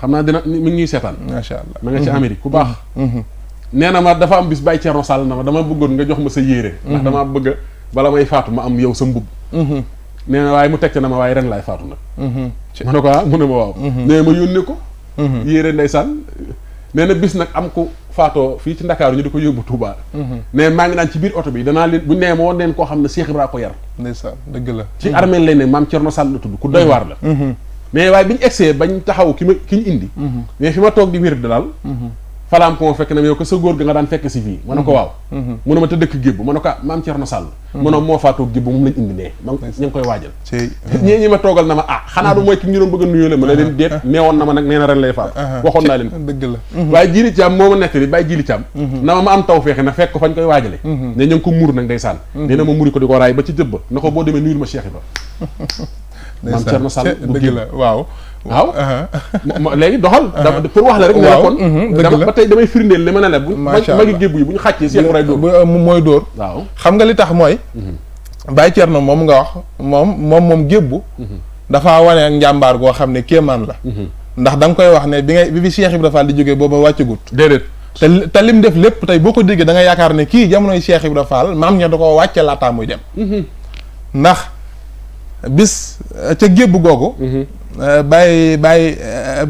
xam naa dina mi na ma dafa na jox ma sa yéere ndax dama bëgg bala may faatu ma am yow sa mbubb mhm. nee waaye mu teg na ma waaye ren laay faatu nag mhm. ma ne ko ah, mhm. na bis nag am ko faatoo fii ci Ndakaaru ñu di ko yóbbu Touba. nee maa ngi naan ci biir oto bi danaa leen bu nee ma woon leen koo xam ne Cheikh Ibra ko yar ndeysaan dëgg la ci armée lay ne maam Thierno Sall la tudd ku doy waar la mais waaye bi ñu egsee bañ taxaw ki ma ki ñu indi mais fi ma toog di wér dalal falaam ko ma fekk na yow ko sa góor ga nga daan fekk si fii ma ne ko mhm. waaw mhm. mu ne ma te dëkk gébbu ma ne ah, mhm. ma ñu ngi koy ma ah, a nuyoo uh-huh. ne uh-huh. ko dëgg la uh-huh. waaye ma nettali bàyyi ma am taw na Sàll *laughs* dëgg la waaw waaw *laughs* léegi doxal pour wax la rek ne mhm, la kon dama ba tey damay firndeel li ma ne la bu magi gébbu yi bu ñu xàccee si ray dóor mooy dóor waaw xam nga li tax mooy mhm. Baye na moom nga wax moom moom moom gébbu mhm. dafa wane njàmbaar goo xam ne kéemaan la ndax danga koy wax ne bi nga bi fi Cheikh Ibrahima Fall di jógee booba wàccagut déedéet te te lim def lépp tey boo ko déggee da yaakaar ne kii jamonoy Cheikh Ibrahima faal maam ña da ko wàcce laataa muy dem ndax bis ca gébb googu bàyyi euh, bàyyi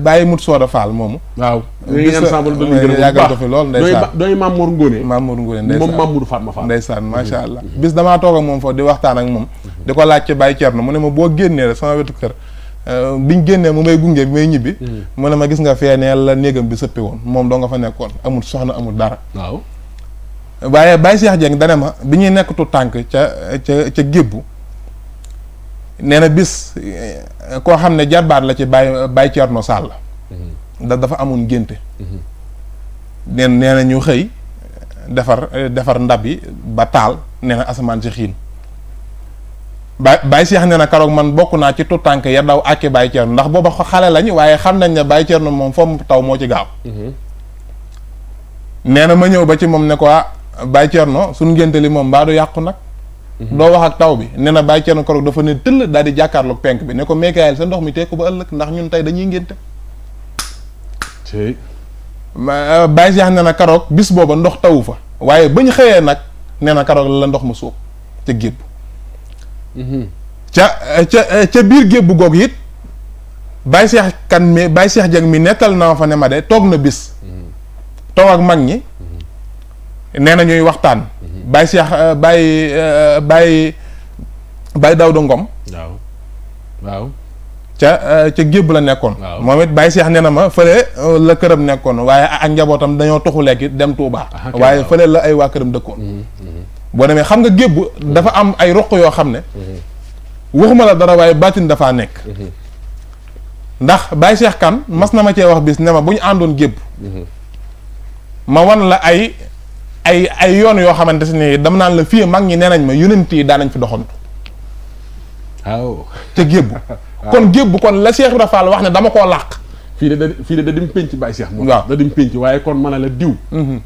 bàyyi euh, mut sooda faal moomu. waaw ñu ngi ensemble ba ñu yàggal ko fi lool ndeysaan doy Mamour Ngone Mamour Ngone ndeysaan moom Mamour Fatma Fall ndeysaan macha mm-hmm. allah bis damaa toog ak moom foofu di waxtaan ak moom di ko laaj ci Baye na mu ne ma boo génnee rek sama wetu kër euh, biñ génnee mu may gunge bi may ñibbi mm-hmm. mu ne ma gis nga feeneel la néegam bi sëppi woon moom doo nga fa nekkoon amul soxna amul dara waaw waaye Baye Cheikh Dieng dane ma bi ñuy nekkatu tànk ca ca ca gébbu nee na bis eh, koo xam ne jarbaat la ci Baye Baye Thierno Sall. Mhm. da dafa amoon ngénte. Mhm. neen nee na ñu xëy defar defar ndab yi ba taal nee asamaan si xiin. Baye Baye Cheikh nee na karoog man bokk naa ci tuttànk ya daw àkki Baye Thierno ndax booba xale lañ waaye xam nañ ne Baye Thierno moom foo taw moo ci gaaw. Mhm. nee na ma ñëw ba ci moom ne ko ah Baye Thierno suñ ngénte li moom mbaa du yàqu nag. Mhm. doo wax ak taw bi ne na bàyyi ceen korog dafa ne tëll daal di jàkkaarloog penk bi ne ko meekaayal sa ndox mi teeku ba ëllëg ndax ñun tey dañuy ngénte ma seex euh, ne na karoog bis booba ndox tawu fa waaye bañ xëyee nag nee na karoog la ndox mu suub ca gébb mhm. ca ca biir gébbu goog it bàyyi seex kan mi bàyyi seex jang mi nettal na fa ne ma de toog na bis mhm. toog ak mag ñi nee na ñuy waxtaan. Baye Cheikh Baye euh, Baye Baye Daouda Ngom. waaw ca euh, ca gébb la nekkoon. moom it Baye seex nee na ma fële euh, la këram nekkoon waaye a njabootam dañoo toxu lekki dem Touba. Ah, waaye fële la ay waa këram dëkkoon. Mhm, mhm. boo demee xam nga gébb dafa am ay roq yoo xam ne. Mhm. waxuma la dara waaye baatin dafaa nekk. ndax Baye Cheikh kan mas na ma cee wax bis ne ma bu ñu àndoon gébb ma wan la ay. ay ay yoon yoo xamante ne dama naan la fii mag ñi nee nañ ma yonent yi daanañ fi doxantu waaw te gébbu *laughs* kon gébbu kon la Cheikh Ibra Fall wax ne dama koo làq fii de da fii de da dim pénc Baye Cheikh moom waaw da dim waaye kon mën a la diw mhm.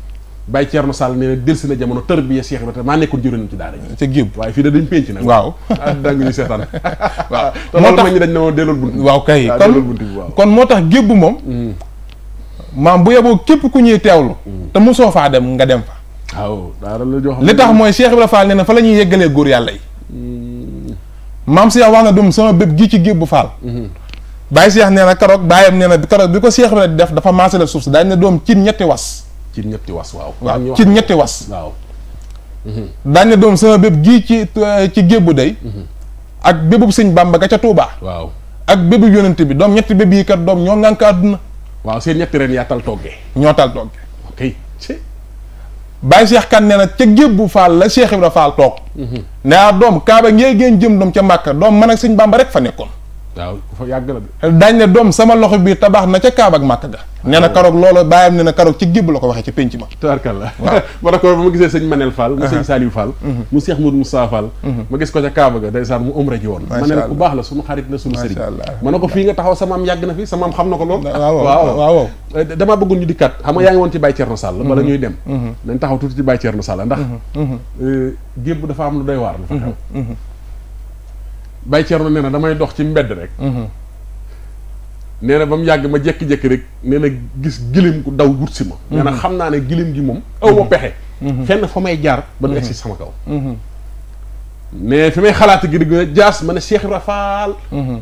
Baye Thierno Sall nee na delsi na jamono tarbiya Cheikh Ibra maa nekkoon juróom ci daara ji ca géeb waaye fii da dañ pénc nag waaw *laughs* ah, dangu ñu seetaan *laughs* waaw te dañ ne woon delloo bunt waaw kay ah, kon bunt bi kon moo tax gébbu moom mm. maam bu yeboo képp ku ñuy teewlu mm. te mosoo faa dem nga dem fa waaw daara la jox li tax mooy Cheikh Ibrahima Fall nee na fa la ñuy yeggalee góor yàlla yi. Hmm. maam Cheikh wax na dum sama bépp gi ci géebu Fall. Hmm. Baye Cheikh nee na karoog baayam nee na karoog bi ko Cheikh Ibrahima di def dafa maasale suuf si daañu ne doom cin ñetti was. cin ñetti was waaw. waaw cin ñetti was. waaw. Hmm. daañu ne doom sama bépp gi ci eh, ci géebu day. ak bébub sëñ Bamba ga ca Touba. waaw ak bébu yonent bi doom ñetti béb yi kat doom ñoo ngànk àdduna. waaw seen ñetti ren yaa tal toggee. ñoo tal toggee. Baye Cheikh Kane nee na ca bu faal la Cheikh Ibra Faal toog. Mhm. nee ah, doom Kaaba ngee génn jëm doom ca Màkka doom man ak sëñ Bamba rek fa nekkoon. waaw fa yàgg la daañ ne doom sama loxo bii tabax na ca Kaaba ak Màkka ga nee na karoog loola bàyyam ne na karoog ci gébb la ko waxee ca pénc ma tabarkalla waaw ma ne ko ba ma gisee sëñ Manel Fall mu sëñ Saliou Fall mu Cheikh Modou Moussa Fall ma gis ko ca Kaaba ga ndeysaan mu umra ji woon ma ne ku baax la ma ne fii nga taxaw sama am yàgg na fi sama am xam na ko lool waaw waaw eh, damaa bëggoon ñu dikkaat xam nga yaa ngi woon ci Baye Thierno Sall bala ñuy dem nañ taxaw tuuti ci Baye Thierno Sall ndax eh, gébb dafa am lu doy waar lu fa xew Baye Thierno nee na damay dox ci mbedd rek. nee na ba mu yàgg ma jékki-jékki rek nee na gis gilim ku daw wut si ma. nee na xam naa ne gilim gi moom. aw ma pexe. fenn fa may jaar. ba du egsi sama kaw. mais fi may xalaat gi di jaas ma ne Cheikh Ibra Fall.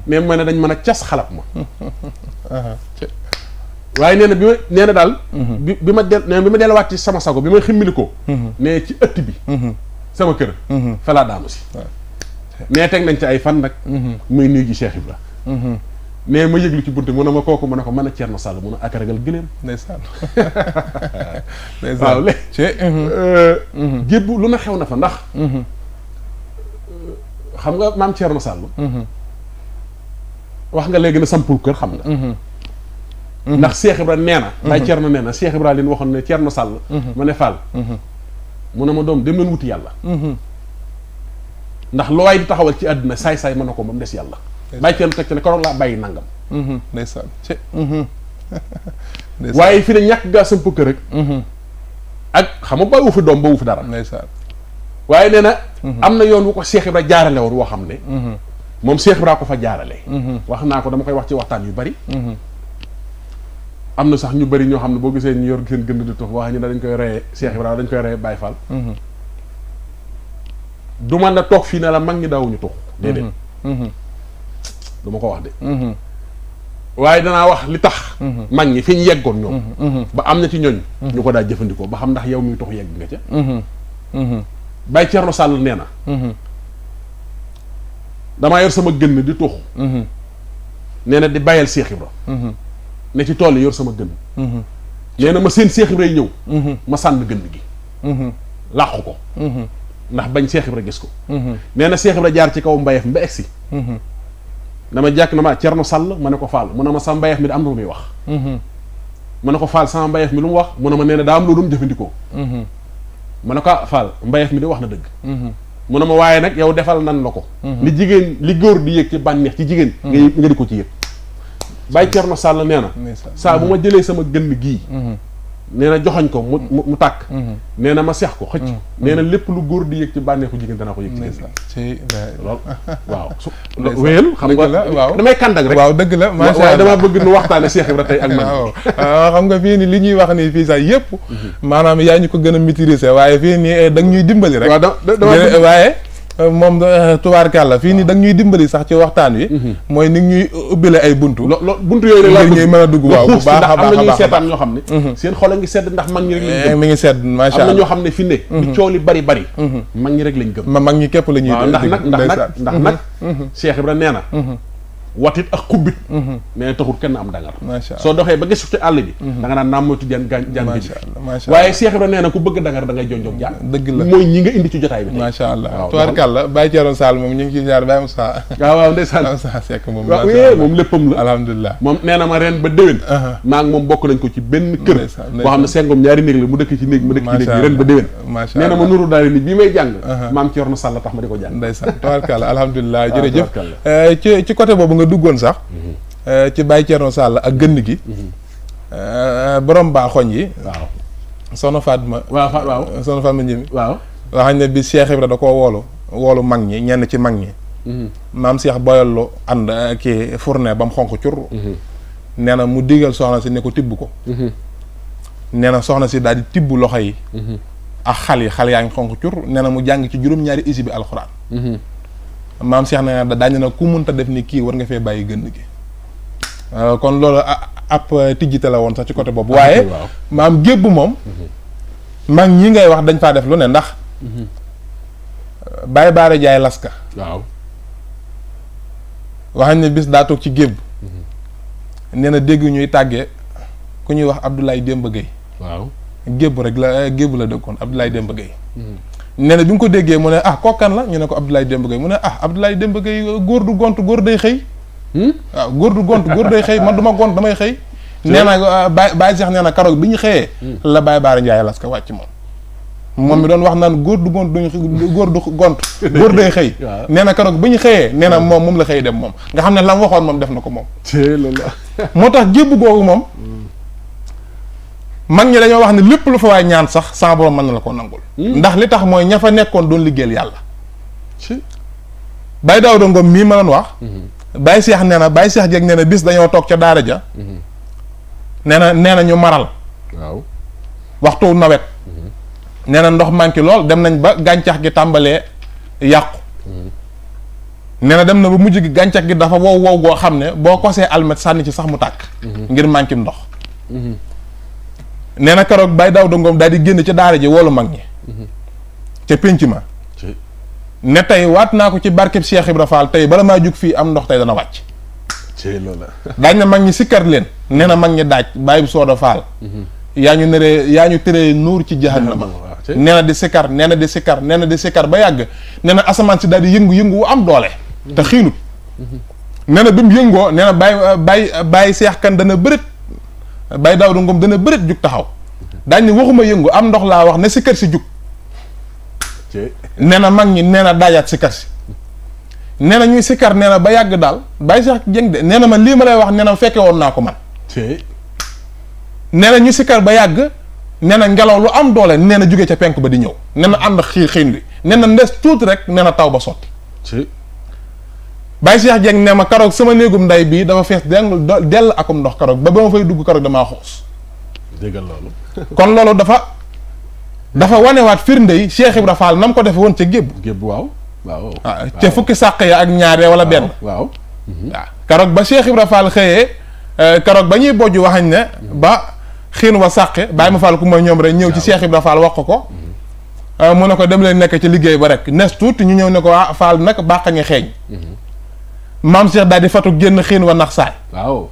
mais ma ne dañ mën a cas xalaat ma. waaye nee na bi ma nee na daal. bi bi ma del nee na bi ma delluwaat ci sama sago bi ma ximmili ko. nee ci ëtt bi. sama kër. fa laa daanu si. mais teg nañ ci ay fan nag. muy nuyu ji Cheikh Ibra. mais ma yëglu ci buntu mu ne ma kooku ma ne ko mën a Thierno Sall mun a ak ragal gëléem. ndeysaan *laughs* ndeysaan waaw léegi. gébb euh, lu na xew na fa ndax. xam nga maam Thierno Sall. nga léegi na sampul kër xam ndax Cheikh Ibra nee na. waaye Thierno nee na Cheikh waxoon ne Thierno Sall. Mhm. ma ne Fall. Mhm. mu ne ma doom dem leen wuti yàlla. Mhm. ndax lu waay di taxawal ci àddina saay-saay mën na ko ba mu des yàlla bàyyi ceenu teg ci ne keroog laa bàyyi nangam mhm, mhm. *laughs* ndeysaan waaye fi ne ñàkk gaa samp kër rek mhm. ak xam nga bàyyiwu fi doom ba wu fi dara ndeysaan waaye nee na am na yoon wu ko Cheikh Ibra jaarale woon woo xam ne moom Cheikh raa ko fa jaarale wax naa ko dama koy wax ci waxtaan yu bari am na sax ñu bari ñoo xam ne boo gisee ñu yor seen gën di tux wax ñu ne dañ koy reye Cheikh Ibra dañ koy reye Baye Fall du man na toog fii ne la mag ñi daawuñu tux déedéet mhm. Mhm. du ma ko wax de mhm. waaye danaa wax li tax mag ñi fi ñu yeggoon ñoom ba am na ci ñooñ ñu ko daa jëfandikoo ba xam ndax yow miy tux yegg nga ca Baye Thierno Sall nee na damaa yor sama gën di tux nee na di bayal Seex Ibra ne ci tool yi yor sama gën nee na ma seen Seex Ibra yi ñëw ma sànn gën gi làqu ko ndax bañ Seex Ibra gis ko mhm. nee na Seex Ibra jaar ci kaw mbayeef ba egsi dama mhm. jàkk na ma Cerno Sàll ma ne ko Faal mun ne ma sa mbayeef mi da am lu muy wax mu mhm. ne ko Faal sama mbayeef mi lu mu wax mu ne ma nee na daa am lu doon jëfandikoo mu ne ko ah, Faal mbayeef mi di wax na dëgg mu ne ma waaye nag yow defal nan la ko li jigéen li góor di yëg ci bànneex ci jigéen nga nga di ko ci yëg bàyyi Cerno Sàll nee na saa bu ma jëlee sama gënn gii nee na joxoñ ko mu mu tàkk mm-hmm. nee na ma seex ko xëcc mm-hmm. nee na lépp lu góor di yëg ci bànneeku jigéen danaa ko yëg ci lool waaw su wéyal xam nga waaw damay kàndag rek waaw dëgg la macha allah dama bëgg nu waxtaane Seex Ibra tey ak man waaw ah, xam nga fii ni li ñuy wax ni fii sax yëpp mm-hmm. maanaam yaa ñu ko gën a maîtriser waaye fii nii eh, da ñuy dimbali rek waaye moom euh, tubaarkàlla fii nii da ñuy dimbali sax ci waxtaan wi mhm. mooy ni ñuy ubbile ay bunt lo buntu yooyu rek laa bëgg mën a dugg *laughs* waaw bu baax a baax am na ñuy seetaan ñoo xam ne mhm. seen xol a ngi sedd ndax mag ñi rek lañ eh, gëm mi ngi sedd macha allah am na ñoo xam ne fi ne lu mhm. coow li bari bari mag ñi rek lañ gëm mag ñi képp la ñuy ndax nag ndax nag ndax nag Cheikh Ibra nee na watit ak kubit mais taxul kenn am dangar so doxé ba gis ci all bi mm-hmm. da nga naan naam moytu jaan gaan jaan bi waye Cheikh ibrahim nee ku bëgg dangar da ngay jonjog ja mm-hmm. deug la moy ñi nga indi ci jotaay bi ma sha allah tubaarkàlla Baye ya Thierno Sall moom ñu ngi ci ñaar Baye wa waaw waaw sa Moussa mom wa waaw mom iya, leppam la alhamdullah mom nee ma reen ba dewen ma ak mom bokk nañ ko ci benn kër bo xam sengum ñaari neeg la mu dëkk ci neeg mu dëkk ci neeg reen ba dewen nee ma nuru daal ni bi may jang jàng ci Thierno sal tax ma di ko jàng ndeysaan tubaarkàlla alhamdulilah jërëjëf ci eh, ci côté boobu duggoon sax mhm. euh ci Baye cerno Sall ak gënn gi mhm. Mhm. euh borom ba xogn yi waaw soxna Fatma waaw waaw euh, soxna Fatma ñimi waaw waxañ ne bi Cheikh Ibra da ko woolu woolu mag ñi ñen ci mag ñi hmm mam Cheikh boyal lu ànd euh, kii fourne ba mu xonq cur nee mu digal soxna ci ne ko tibbu ko hmm neena soxna ci daal di tibbu loxay hmm ak xali xali xal yaa ngi xonq cur nee mu jang ci juroom ñaari isbi bi hmm maam Cheikh na daañu na ku mënta def ni kii war nga fee bàyyi gën gi euh, kon loolu ab tijjite la woon sax ci côté boobu. Ah, waaye maam gébb moom. Mhm. mag ñi ngay wax dañ faa def lu ne ndax. Mhm. Euh, Baye Baara jaay laska. waaw. waxañ ne bis daa toog ci gébb. Mhm. nee na dégg ñuy tàggee ku ñuy wax Abdoulaye Demba Gueye. waaw gébb rek la gébb la dëkkoon Abdoulaye Demba Gueye. nee na bi mu ko déggee mu ne ah kookan la ñu ne ko dem Demba Gueye mu ne ah Abdoulaye Demba Gueye euh, góor du gont góor day xëy hmm? ah, góor du gont góor day xëy man du ma gont damay xëy nee na euh, Baye Baye Cheikh nee na karoog bi ñu xëyee hmm. la Baye Baara Ndiaye las ko wàcc moom moom mi doon wax naan góor du gont duñ góor du gont góor day xëy *laughs* nee na keroog bi ñu xëyee nee na moom moom la xëy dem moom nga xam ne la mu waxoon moom def na ko moom moo tax jébbu googu moom hmm. man ñi dañu wax ni lepp lu fa way ñaan sax sa borom man la ko nangul hmm. ndax li tax mooy ña fa nekkoon doon ci bay Baye do Ngom mi ma lan wax hmm. bay Cheikh neena bay Cheikh jek neena bis dañu tok ci daara ja hmm. neena neena ñu maral waaw waxtu nawet neena ndox manki lol dem nañ ba gantax gi tambale yaq neena dem na ba mujj gi gantax gi dafa wow wow go xamne bo ko kosee almet sanni ci sax mu tak ngir manki ndox nee na keroog Baye Daouda Ngom daal di génn ca daara ji woolu mag ñi mhm. ca pénc ma ne tey waat naa ko ci barkeb Cheikh Ibra Fall tey bala maa jug fii am ndox tey dana wàcc daañ na mag ñi sikkar leen nee mag ñi daaj Baye bu Sooda Fall mhm. yaa ñu neree yaa ñu tëree nuur ci jahannama nee na di sikkar nee na di sikkar nee na di sikkar ba yàgg nee na asamaan si daal di yëngu-yëngu wu am doole te mhm. xiinut nee na yëngoo nee na Baye Baye Baye kan dana bërit bay daaw du ngoom dana bërit jug taxaw dañ ne waxuma yëngu am ndox laa wax ne si kër si jug nee na mag ñi nee na daajaat si kër si nee na ñuy sikkar nee na ba yàgg daal bàyyi sax jëng de nee na ma lii ma lay wax nee na fekke woon naa ko man nee na ñu sikkar ba yàgg ne na ngelaw lu am doole nee na juge ca penk ba di ñëw nee na ànd xiir xiin wi nee na ndes tuuti rek nee na taw ba sotti Baye Cheikh Dieng ne ma karoog sama néegum nday bii dafa fees deng dell akum ndox karoog ba ba ma fay dugg karoog damaa xoos. déggal loolu. kon loolu dafa dafa wanewaat firnde yi Cheikh Ibra Fall nam ko def woon ca gébb gébb waaw waaw. Ah, ca fukki sàq ya ak ñaare wala benn. waaw mm-hmm. ah, karoog ba Cheikh Ibra Fall xëyee eh, karoog ba ñuy bojj waxañ ne ba. xiin wa sàqe bàyyi ma faal ku ma ñoom rek ñëw ci Cheikh Ibra Fall wax ko mm-hmm. eh, mu ne ko dem leen nekk ci liggéey ba rek nes tuuti ñu ñëw ne ko ah Fall nag bàq ngi maam Cheikh daal di fatu génn xiin wa nax saay waaw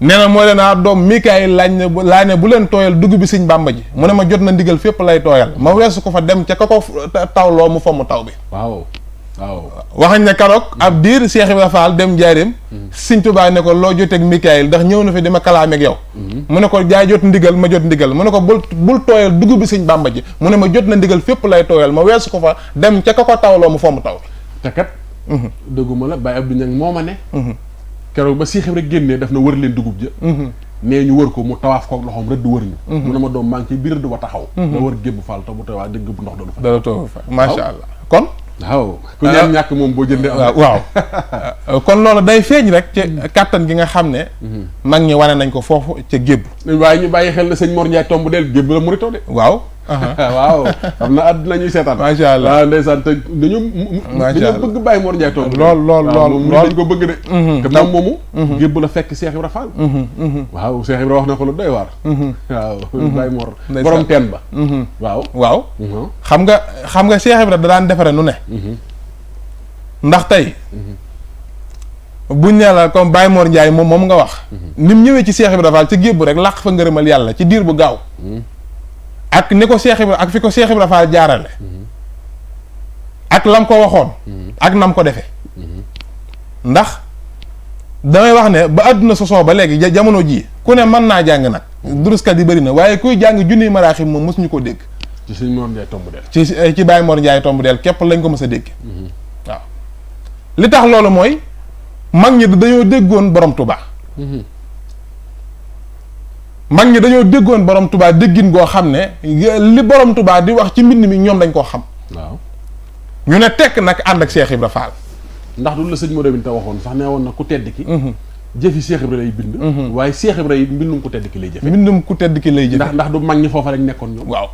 nee na moo leen a doom Mikaayil laaj ne laaj ne bu leen tooyal dugub bi sëñ mm-hmm. mm-hmm. Bàmba ji mu ne ma jot na ndigal fépp lay tooyal ma weesu ko fa dem ca ka ko tawloo mu fomm taw bi waaw waaw ne karoog ab diir Cheikh Ibrahima Fall dem njaarim sëñ Tuubaa ne ko loo joteeg Mikaayil ndax ñëw na fi dima kalaameeg yow mu ne ko jaay ma jot ndigal mu ne ko bul bul tooyal dugub bi sëñ Bàmba ji mu ne ma jot na ndigal fépp lay tooyal ma weesu ko fa dem ca ka ko mu fomm taw bi dëgguma la Baye Abdou Niang moo ma ne mhm. keroog ba siixam rek génnee daf na wër leen dugub ja mhm. nee ñu wër ko mu tawaaf koog loxoom rëdd wër ñu mhm. mu a ma doom maa ngi ci biir rëdd a taxaw nga wër gébb faal te bu tawaa di ndox doon fa dara toog allah kon ku ah. ñaan ñàkk moom boo jëndee am ah, waaw ah, kon loolu day feeñ rek ci kàttan gi nga xam ne mag ñi wane nañ ko foofu ca gébb waaye ñu bàyyi xel na sëñ Mor Ndiaye tomb del gébb la mu ritoo de waaw Uh-huh. *laughs* waaw xam na àdduna ñuy seetaan macha allah waaw ndeysaan te dañu dañoo bëgg Baye Mor Ndiaye lool lool lool moom dañ ko bëgg de mm-hmm. te moom moomu gébb mm-hmm. mm-hmm. la fekk Cheikh Ibra Fall waaw Cheikh wax na ko lu doy waar waaw Baye teen ba waaw waaw xam nga xam nga Cheikh Ibra da daan defare nu ne ndax tey buñ ne la comme Baye Mor moom moom nga wax nim ñëwee ci Cheikh Ibra Fall ci gébb rek làq fa ngërëmal yàlla ci diir bu gaaw ak ni ko Cheikh Ibra ak fi ko Cheikh bi Fall jaarale ak lam ko waxoon ak nam ko defe ndax damay wax ne ba àdduna sosoo ba ja jamono ji ku ne mën naa jàng nag duruskat yi bëri na waaye kuy jàng junniy maraaxim moom mësuñu ko dégg ci sëñ Mor ci ci Baye Mor Ndiaye tomb del képp lañ ko mës a dégg li tax loolu mooy mag ñi dañoo déggoon borom Tuubaa mag ñi dañoo déggoon borom tuba déggin goo xam ne li borom tuba di wax ci mbind mi ñoom dañ ko xam waaw ñu ne tekk nag ànd ak Cheikh Ibra Fall ndax du la sëñ Modou ta waxoon sax ne na ku tedd ki mhm. jëfi Cheikh Ibra lay bind mhm. waaye Cheikh Ibra yi mbindum ku tedd ki lay jëfe mbindum ku tedd ki lay jëfe ndax ndax du mag ñi foofa lañ nekkoon ñoom waaw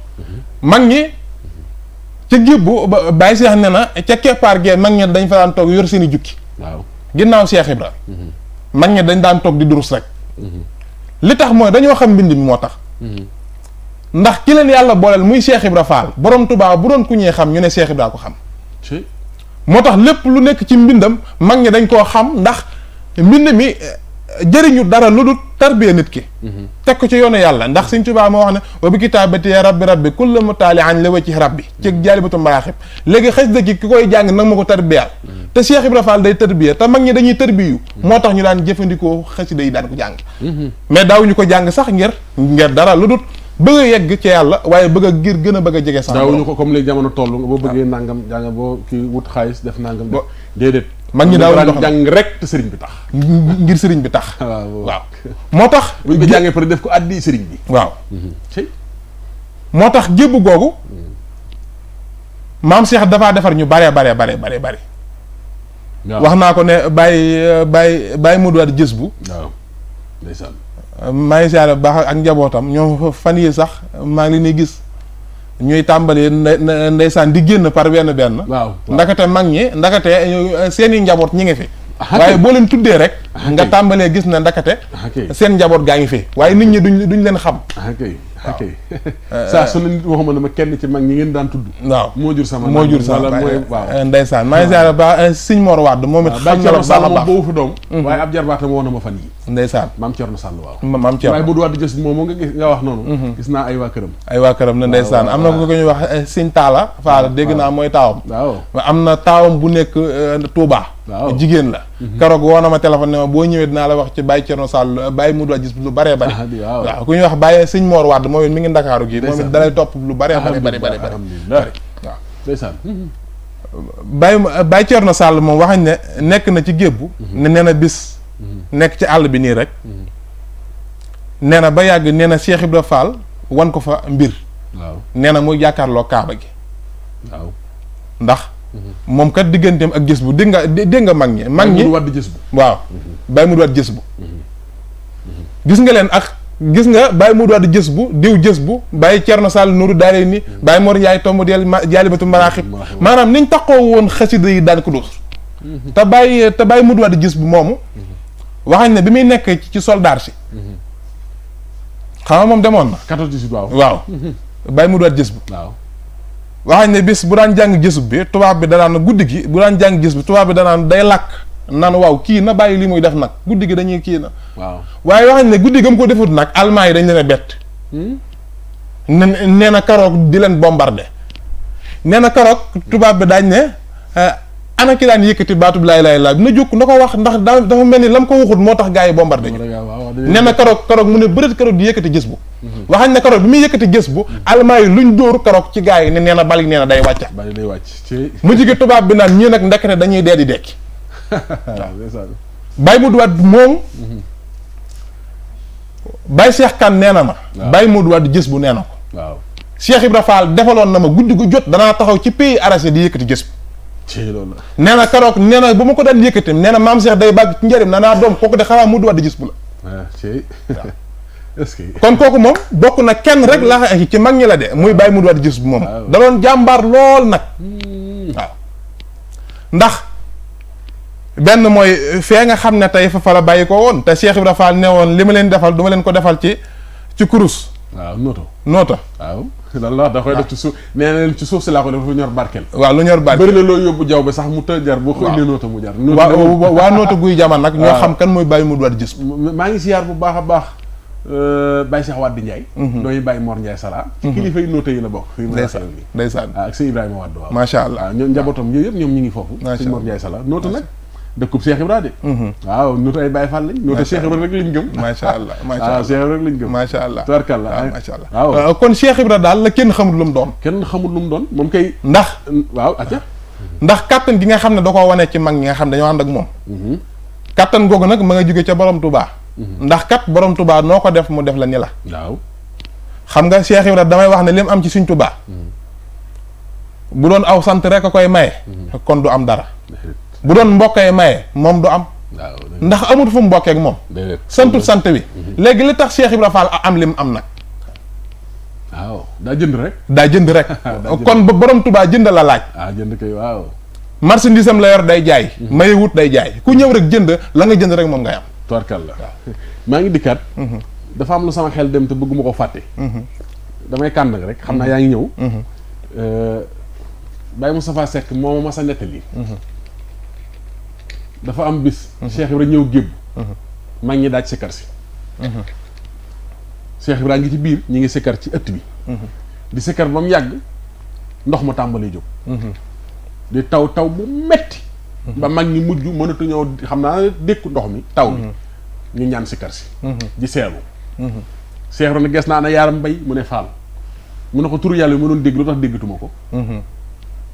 mag ñi ci gibbu bàyyi Cheikh ne na ca keppaar gee mag ñi dañ fa daan toog yor seen i jukki waaw ginnaaw Cheikh Ibra mhm. mag ñi dañ daan toog di durus rek li tax mooy dañoo xam mbind mi moo tax hmm. ndax ki leen yàlla booleel muy Cheikh Ibra Fall borom Tuubaa bu doon ku ñee xam ñu ne Cheikh Ibra ko xam moo tax lépp lu nekk ci mbindam mag ñi dañ koo xam ndax mbind mi jëriñu dara lu dul tarbiya nit ki mhm. teg ko ci yoonu yàlla ndax Sëñ Tuubaa moo wax ne wa bi kitaabati rabbi rabbi kulla mu taali an la wacci rabbi ci mhm. jaalibatu mbaaxib léegi xasida ki ki koy jàng nag ma ko tarbiyaal mhm. te Cheikh Ibra Fall day tarbiya te mag ñi dañuy tarbiyu moo tax ñu daan jëfandikoo xasida yi daan ko jàng mais daawuñu ko jàng sax ngir ngir dara lu dul bëgg a yegg ci yàlla waaye bëgg a ngir gën a bëgg a jege sax daawuñu ko comme léegi jamono toll nga boo bëggee nangam jàng boo kii wut xaalis def nangam boo mag ñi daaw dox jàng rek te sëriñ bi tax ngir sëriñ bi tax waaw moo tax *laughs* buñ ko jàngee pare def ko addi sëriñ bi waaw mhm. moo tax jébbu googu mhm. maam Cheikh dafaa defar ñu bare bare bare bare bare wax naa ko ne bàyyi bàyyi bàyyi mu doon jës bu waaw ndeysaan ak fan yi sax ngi gis ñuy tàmbali ndeysaan di génn par benn benn. waaw ndakate mag ñi ndakate eh, seen i njaboot ñi ngi fi. waaye boo leen tuddee rek. Ah, nga tàmbalee gis na ndakate ah, seen njaboot gaa ngi fi waaye nit ñi duñ duñ leen xam ah, ok saa su ne nit waxuma ne ma kenn ci mag ñi ngeen daan tudd waaw moo jur sama moo jur sama mooy waaw euh, ndeysaan maa ngi ziar ba euh, sëñ Mor Wade moom it xam na la Sall baax boobu fa doom mm-hmm. waaye ab jarbaatam woo na ma fan yi ndeysaan maam Thierno Sall waaw maam Thierno waaye bu du Wade jës moom moo nga gis nga wax noonu mm-hmm. gis naa ay waa këram ay waa këram na ndeysaan am na ko ko ñuy wax euh, sëñ Talla Fall dégg naa mooy taawam waaw am na taawam bu nekk Touba jigéen la Mhm. keroog woo na ma téléphone ne ma boo ñëwee dinaa la wax ci Baye Thierno Sall Baye Moudou Adjis lu baree bari ah, waaw ku ñuy wax Baye Sëñ Mor Wade moom it mi ngi Ndakaaru gii moom it lu baree ah, bari bari bari bari waaw ndeysaan Baye Baye Thierno Sall moom waxañ ne nekk na ci gébbu mhm. ne nee na bis mhm. nekk ci àll bi nii rek nee na ba yàgg nee na Cheikh Ibra wan ko fa mbir nee na mu jàkkaarloo kaaba gi ndax mom kat digganteem ak gis bu dégg nga de nga magni magni wad ñi bu waaw bay mu wad gis bu gis nga len ak gis nga bay mu wad gis bu diw gis bu bàyyi Cerno Sall Nuuru Daarayni ni bay Mor Njaay tomb del jalibatu maraqib manam niñ taxo won khassida yi dal ko duus ta bay ta bay mu wad gis bu moomu waxañ ne bi mi nekk ci soldar ci mhm. xam mom demone demoon na 14 waaw waaw mhm. bay mu wad gis bu waaw waxañ ne bis bu daan jàng gis bi tubaab bi danaan guddi gi bu daan jàng gis bi tubaab bi danaan day làkk naan waaw kii na bàyyi li muy def nag guddi gi dañuy kii na. waaw waaye waxañ ne guddi gam ko defut nag almaa yi dañ leen a bett. Hmm? nee na karoog di leen bombarde nee na karoog tubaab bi daañ ne. Eh, ana ki dan yëkkati baatub laay lay laa bi na jóg wax ndax dafa melni ni lam ko waxut motax gaay gars yi bombardé ñu ne mu ne bërët karok di yëkkati gis bu waxañ ne karok bi mi yëkkati gis bu yi luñ dóor karok ci gaay yi ne na bal yi nee na day wàcce mu jigi tubab bi nan ñi nak ndekk dañuy dédi di dek. mu duwat mom bay cheikh kan nee na ma bay mu duwat gis bu na ko waaw Cheikh ibrahim Fall defaloon na ma guddigu jot dana taxaw ci pays arasé di nee na karoog nee na bu ma ko daan yëkkatim nee na maam Cheikh day bàgg ci njëriñ nanaa doom kooku de xanaa mu duwaat di gis bu la ah, *laughs* kon kooku moom bokk na kenn rek laa xam ci mag ñi la de muy bàyyi mu duwaat di gis bu moom ah, da jàmbaar lool nag hmm. waaw ndax benn mooy fee nga xam ne tey fa fa la bàyyi ko woon te seex bi Fall ne woon li ma leen defal du leen ko defal ci ci kurus waaw nooto noota. waaw lan la da koy def ci suuf nee na leen ci suuf si laa ko def lu ñor barkeel. waaw lu ñor barkeel bëri na loo yóbbu jaww ba sax mu të jar. boo ko indee noota mu jar. waaw xam kan mooy Baye Modou Wade gis. maa ngi siyaar bu baax a baax. Euh, Baye Cheikh Wade Ndiaye. Mm-hmm. dooy Baye Mor mm-hmm. yi la bokk. ndeysaan ndeysaan ah, ak sëñ Ibrahima Wade waaw. macha allah ah, ñoom yooyu yëpp ñoom ñu ngi foofu. macha allah sëñ Mor Ndiaye nag. dëkkub Cheikh Ibra de. Mhm. waaw nu tay Baye Fall lañ. rek lañ gëm. macha *laughs* macha ah, allah waaw Cheikh Ibra rek lañ gëm. macha allah tubarkalla ah, macha allah. waaw euh, kon Cheikh Ibra daal la kenn xamul lu mu doon. kenn xamul lu mu doon moom ndax waaw ndax kàttan gi nga xam ne da ko wanee ci mag ñi nga xam ne dañoo ànd ak moom. Mhm. kàttan googu nag ma nga jóge ca borom Touba. Mhm. ndax kat borom Touba noo ko def mu def la ni la. waaw xam nga Cheikh rek damay wax ne li am ci suñ Touba. bu doon aw sant rek a koy maye. kon du am dara. bu doon mbokkee maye moom du am. ndax amut fu mu mbokkee moom. santut sant wi. Mhm. léegi li tax bi Ibra a am lim am nag. waaw daa jënd rek. daa jënd rek. *laughs* kon ba borom Tuubaa jënd la laaj. ah jënd kay waaw. marchandise am day jaay. Mhm. maye wut day jaay ku ñëw rek jënd la nga jënd rek moom ngay am. tubarkal la *laughs* maa ngi dikkaat. Mhm. dafa am lu sama xel dem te bëgguma ko fàtte. damay kànd rek xam naa yaa ngi ñëw. Euh, Baye Moustapha Seck moo ma mas a dafa am bis. Cheikh Ibra ñëw gébb. mag ñi daaj sikkar si. Cheikh Ibra ngi ci biir ñu ngi sikkar ci ëtt bi. di sikkar ba mu yàgg ndox ma tàmbalee jóg. di taw taw bu metti ba mag ñi mujj mënatu ñoo xam naa dékku ndox mi taw bi. ñu ñaan sikkar si. di seelu. Cheikh Ibra ne ges naa na yaaram bay mu ne faal mu ne ko turu yàlla bi ma doon dégg lu tax déggatuma ko.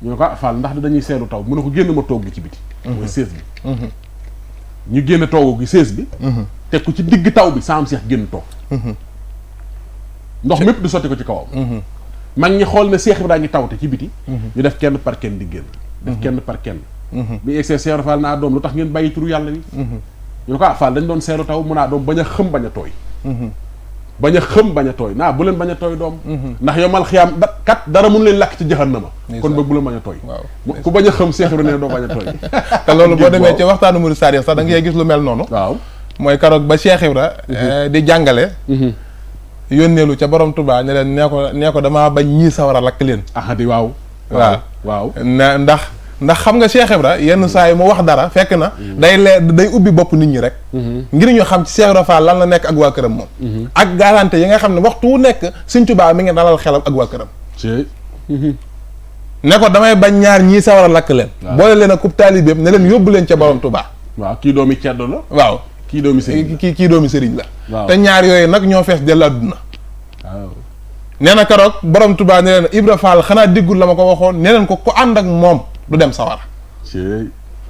ñu ne ko ah Fall ndax dañuy seeru taw mu ne ko génn ma toog gi ci biti mhm. mooy sées bi mhm. ñu génn toogu gi sées bi mhm. teg ko ci digg taw bi saam seex génn toog ndox mépp du sotti ko ci kawam mag ñi xool ne seex bi daa ngi tawte ci biti ñu def kenn par kenn di génn def kenn par kenn bi egsee seeru Fall naa ah, doom lu tax ngeen bàyyi turu yàlla bi ñu ne ko ah Fall dañ doon seeru taw mun naa ah, doom bañ a xëm bañ a tooy bañ a xëm bañ a tooy naa bu leen bañ a tooy doom mhm. ndax yomal xiyaam kat dara mun leen lakk ci jahannama kon ba bu leen bañ a tooy ku bañ a xëm Cheikh Ibra nee doo bañ a tooy *laughs* te loolu boo demee ci waxtaanu Mouride Sadiq sax da ngay gis lu mel noonu waaw mooy karoog ba Cheikh Ibra mhm. eh, di jàngale mhm. yónneelu ca borom tubaa ne nee ko nee damaa bañ ñii sawar a lakk leen ah di waaw waaw waaw na ndax ndax xam nga Cheikh Ibra yenn saay mo wax dara fekk na day day ubbi bop nit ñi rek mhm. ngir ñu xam ci Cheikh rafa lan la nek ak wa kërëm moom mhm. ak garantie yi nga xam ne waxtu wu nekk banyar Tuubaa mi ngi dalal xelam ak wa kërëm mhm. ne ko damay bañ ñaar ñi sa wara lak leen boole leen ak kub taalibe ne leen yobul leen ci borom touba waaw ki doomi ciado la waaw ki doomi sëriñ ki doomi la te ñaar yoy nak ño fess de laduna karok borom touba ne leen Ibra Fall diggul lama ko waxon ne leen ko ko and ak mom du dem sawara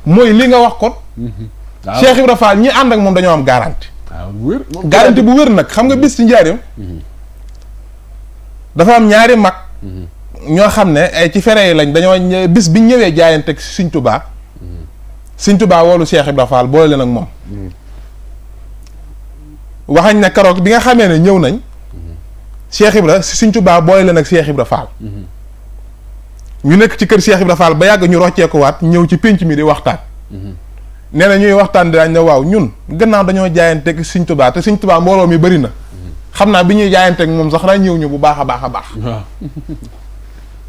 mooy li nga wax kon mm-hmm. ah, Cheikh Ibra ñi ànd ak moom dañoo am garanti ah, garanti bu wér nag xam nga bis ci njaarim mm-hmm. dafa am ñaari mag mm-hmm. ñoo xam ne ay ci fere yi lañ dañoo bis biñ ñëwee jaayante ak Sëñ Tuubaa Sëñ Tuubaa woolu Cheikh Ibra Fall boole leen ak moom waxañ ne keroog bi nga xamee ne ñëw nañ Cheikh Ibra Sëñ Tuubaa boole leen ak Cheikh Ibra Fall ñu nekk ci kër Cheikh Ibra Fall ba yàgg ñu waat ñëw ci pénc mi di waxtaan nee na ñuy waxtaan daañ ne waaw ñun gannaaw dañoo jaayanteeg Sëñ Tuubaa te Sëñ Tuubaa mbooloo mi bari na xam naa bi ñuy jaayanteeg moom sax daa ñëw ñu bu baax a baax a baax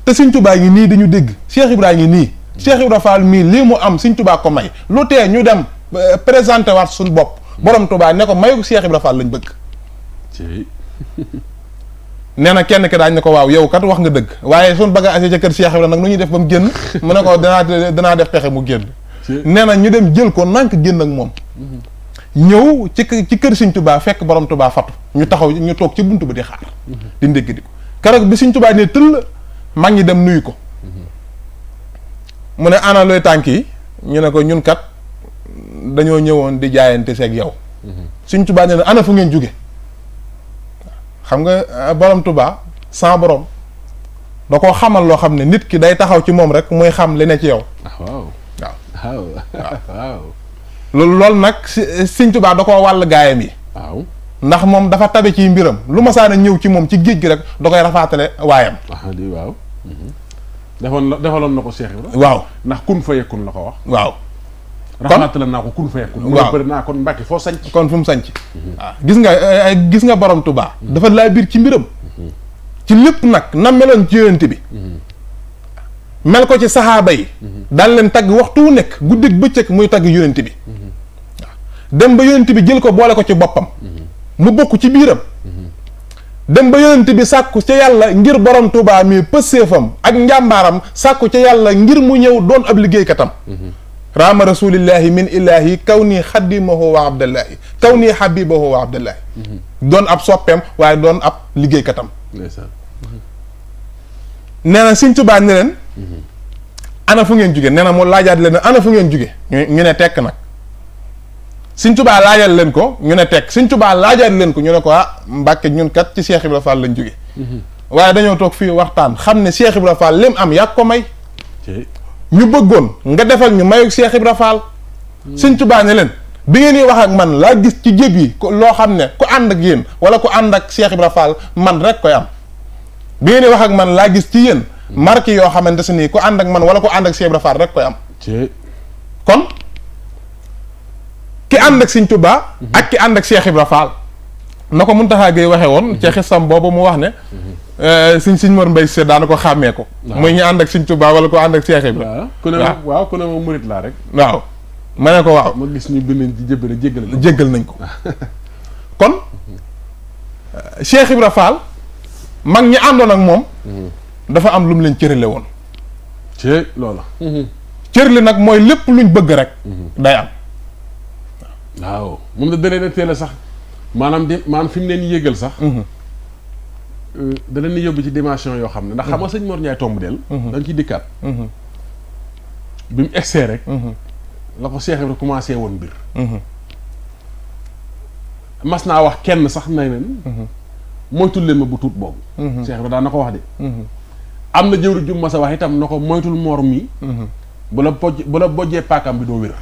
te Sëñ tubaa ngi nii dañu dégg Cheikh Ibra ngi nii Cheikh Ibra mii lii mu am Sëñ Tuubaa ko may lu tee ñu dem euh, présenté waat suñu bopp borom Tuubaa ne ko mayu Cheikh Ibra Fall lañ bëgg *laughs* nee na kenn ki daañ ne ko waaw yow kat wax nga dëgg waaye suñ bagage ca kër Cheikh Ibrahima nag nu ñuy def ba mu génn mu ne ko danaa danaa def pexe mu génn nee na ñu dem jël ko nank génn ak moom mm-hmm. ñëw ci ci kër Sëñ Tubaa fekk boroom Tubaa fattu ñu taxaw ñu toog ci buntu ba di xaar mm-hmm. di ndégg di ko keroog bi Sëñ Tubaa ne tëll mag ñi dem nuyu ko mm-hmm. mu ne ana looy tànk yi ñu ne ko ñun kat dañoo ñëwoon di jaayante seek yow Sëñ Tubaa ne ana fu ngeen jóge xam nga euh, borom Touba sans borom da koo xamal loo xam ne nit ki day taxaw ci moom rek muy xam li ne ci yow. Ah, *laughs* loolu nag si Sëñ Touba da koo wàll gaayam yi. ndax moom dafa tabe ci mbiram lu masaana ñëw ci moom ci géej gi rek da koy rafaatale waayam. Ah, waaw mhm. defoon defaloon na ko Cheikh Ibrahima. waaw ndax kun fa yekkun la ko wax. waaw. raxmatala naa ko kun naa kon Mbàkke foo sanc kon fu mu sañc mhm. ah, gis nga eh, eh, gis nga borom tubaa mhm. dafa laa biir ci mbiram mhm. ci lépp nag na meloon ci yonent bi mel ko ci saxaaba yi daal leen tagg waxtu wu nekk guddeeg bëccëg muy tagg yonent bi ah. dem ba yonent bi jël ko boole ko ci boppam mu bokk ci biiram dem ba yonent bi sàkku ca yàlla ngir borom Tuubaa mi pëseefam ak njàmbaaram sàkku ca yàlla ngir mu ñëw doon ab liggéeykatam raama rasulillahi min ilahi kaw nii xaddimahu wa abdallahi kaw nii xabibahu wa abdallahi doon ab soppeem waaye doon ab liggéeykatam nee na Sëñ Tuubaa ne leen ana fu ngeen jóge nee na mu laajaat leen ana fu ngeen jóge ñu ne tekk nag Sëñ Tuubaa laajal leen ko ñu ne tekk Sëñ Tuubaa laajaat leen ko ñu ne ko ah Mbàkke ñun kat ci Cheikh Ibra Fall lañ jóge waaye dañoo toog fii waxtaan xam ne Cheikh Ibra Fall lim am yàgg ko may ñu bëggoon nga defal ñu mayu cheikh ibrahim fall seigne touba ne len bi ngeen di wax ak man la gis ci jéb lo loo ne ku and ak yeen wala ku and ak cheikh ibrahim fall man rek koy am bi ngeen wax ak man la gis ci yeen marque yo xamante ku and ak man wala ku and ak cheikh ibrahim rek koy am kon ki and ak seigne touba ak ki and ak cheikh ibrahim fall nako muntaha gay waxe won ci bobu mu wax ne Eh, suñ suñ Mor mbay Cissé daana ko xàmmee ko. muy ñu ànd ak suñ Touba wala ko ànd ak Cheikh Ibrahima. waaw ku ne rek. waaw ma ne ko waaw. ma gis ñu bind ci jébbal jéggal nañ ko jéggal nañ ko. *laughs* kon eh, Cheikh Ibra Fall mag ñi àndoon ak moom. Mhm. dafa am lu mu leen cërale woon. cër loola. Mhm. nag mooy lépp luñ bëgg rek. Mhm. day am. waaw moom da dalee na teel a sax maanaam de maan fi mu leen yëgal sax. da leen di yóbbu ci dimension yoo xam ne ndax xam sañ sëñ Mor Ndiaye tomb del mhm. dañ ciy dikkaat mhm. bi mu egsee rek mhm. la ko seex bi commencé woon mbir mas naa wax kenn sax na leen moytul leen ma bu tuut boobu seex bi daan na ko wax de am na jëwri ju mas a wax itam na ko moytul moor mi bu la boj bu la bojjee paakam bi doo wér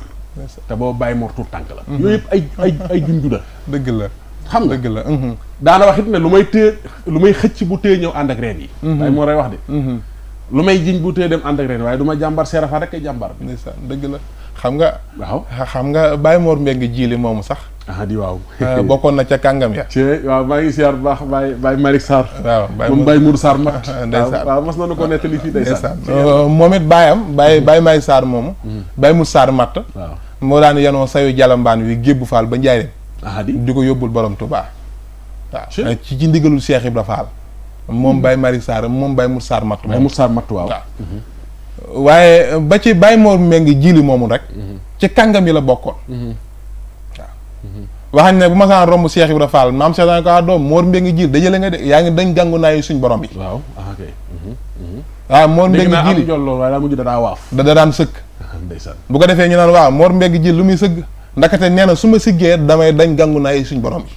te boo bàyyi moor tuut tànk la yooyu yëpp ay ay ay junju dëgg la xam nga dëgg la mhm. daana wax it ne lumay te lumay xecc bu te ñew and ak reen yi ay mo ray wax de mhm. lu jiñ bu te dem and ak reen waye duma jambar serafa rek ay jambar bi deug la xam nga waaw xam nga Baye Mor Mbengue jiili momu sax ah di waaw *laughs* ah, bokon na ca kangam ya ci waaw maa ngi bax bay baax Baye Baye Malick Sarr waaw moom Baye Mour Sarr mag *laughs* waaw mas nañu ko nettali fii ndeysaan uh, moom momit bayam Baye mhm. Baye Malick sar moomu Baye mur sar mat waaw mo daan yano sayu jalamban wi gebu fal ba njaay ahadi di ko yóbbul borom Touba waaw eh, ci ci ndigalul Cheikh Ibra Fall moom hmm. Baye Mari Sarr moom Baye Mour Sarr Matou Baye Mour Sarr Matou waaw hmm. waaye eh, ba ci Baye Mor Mbengue jili moomu rek hmm. ci kàngam yi la bokkoon waaw waxañ ne bu ma saan romb Cheikh Ibra Fall maam Cheikh ko ah doom Mor Mbengue jil dajale nga de yaa dañ gàngu naa suñ borom yi waaw ah, ah, Mor da waaf da da *laughs* bu ko ñu waaw Mor jil lu ndakate nee na su ma siggee damay dañ gàngu naa yi suñ borom bi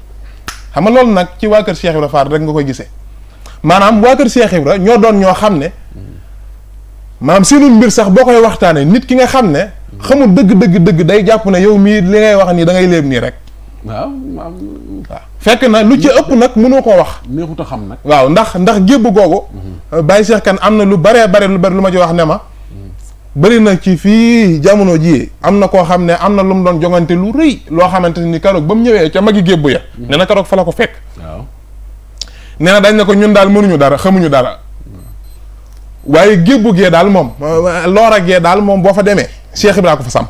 xam nga loolu nag ci waa kër Cheikh Ibra Fall rek nga koy gisee maanaam waa kër Cheikh Ibra ñoo doon ñoo xam ne maanaam seenu mbir sax boo koy waxtaanee nit ki nga xam ne xamul dëgg dëgg dëgg day jàpp ne yow mii li ngay wax nii dangay ngay nii rek waaw waaw fekk na lu ci ëpp nag mënoo ko wax neexut xam nag waaw ndax ndax gébb googu mhm. Baye seex kan am na lu baree bare lu bari lu ma ci wax ne ma Beri na ci fi jamono ji amna ko xamne amna ne doon jongante lu reuy lo xamanteni ni karok bam ñewé ci magi gebbu ya mm. nee na karoog fa la ko fekk waaw na dañ ne ko ñun daal mënuñu dara xamuñu dara mm. waye gebbu ge dal mom lora ge dal mom bo fa démé Cheikh ibrahim ko fa samp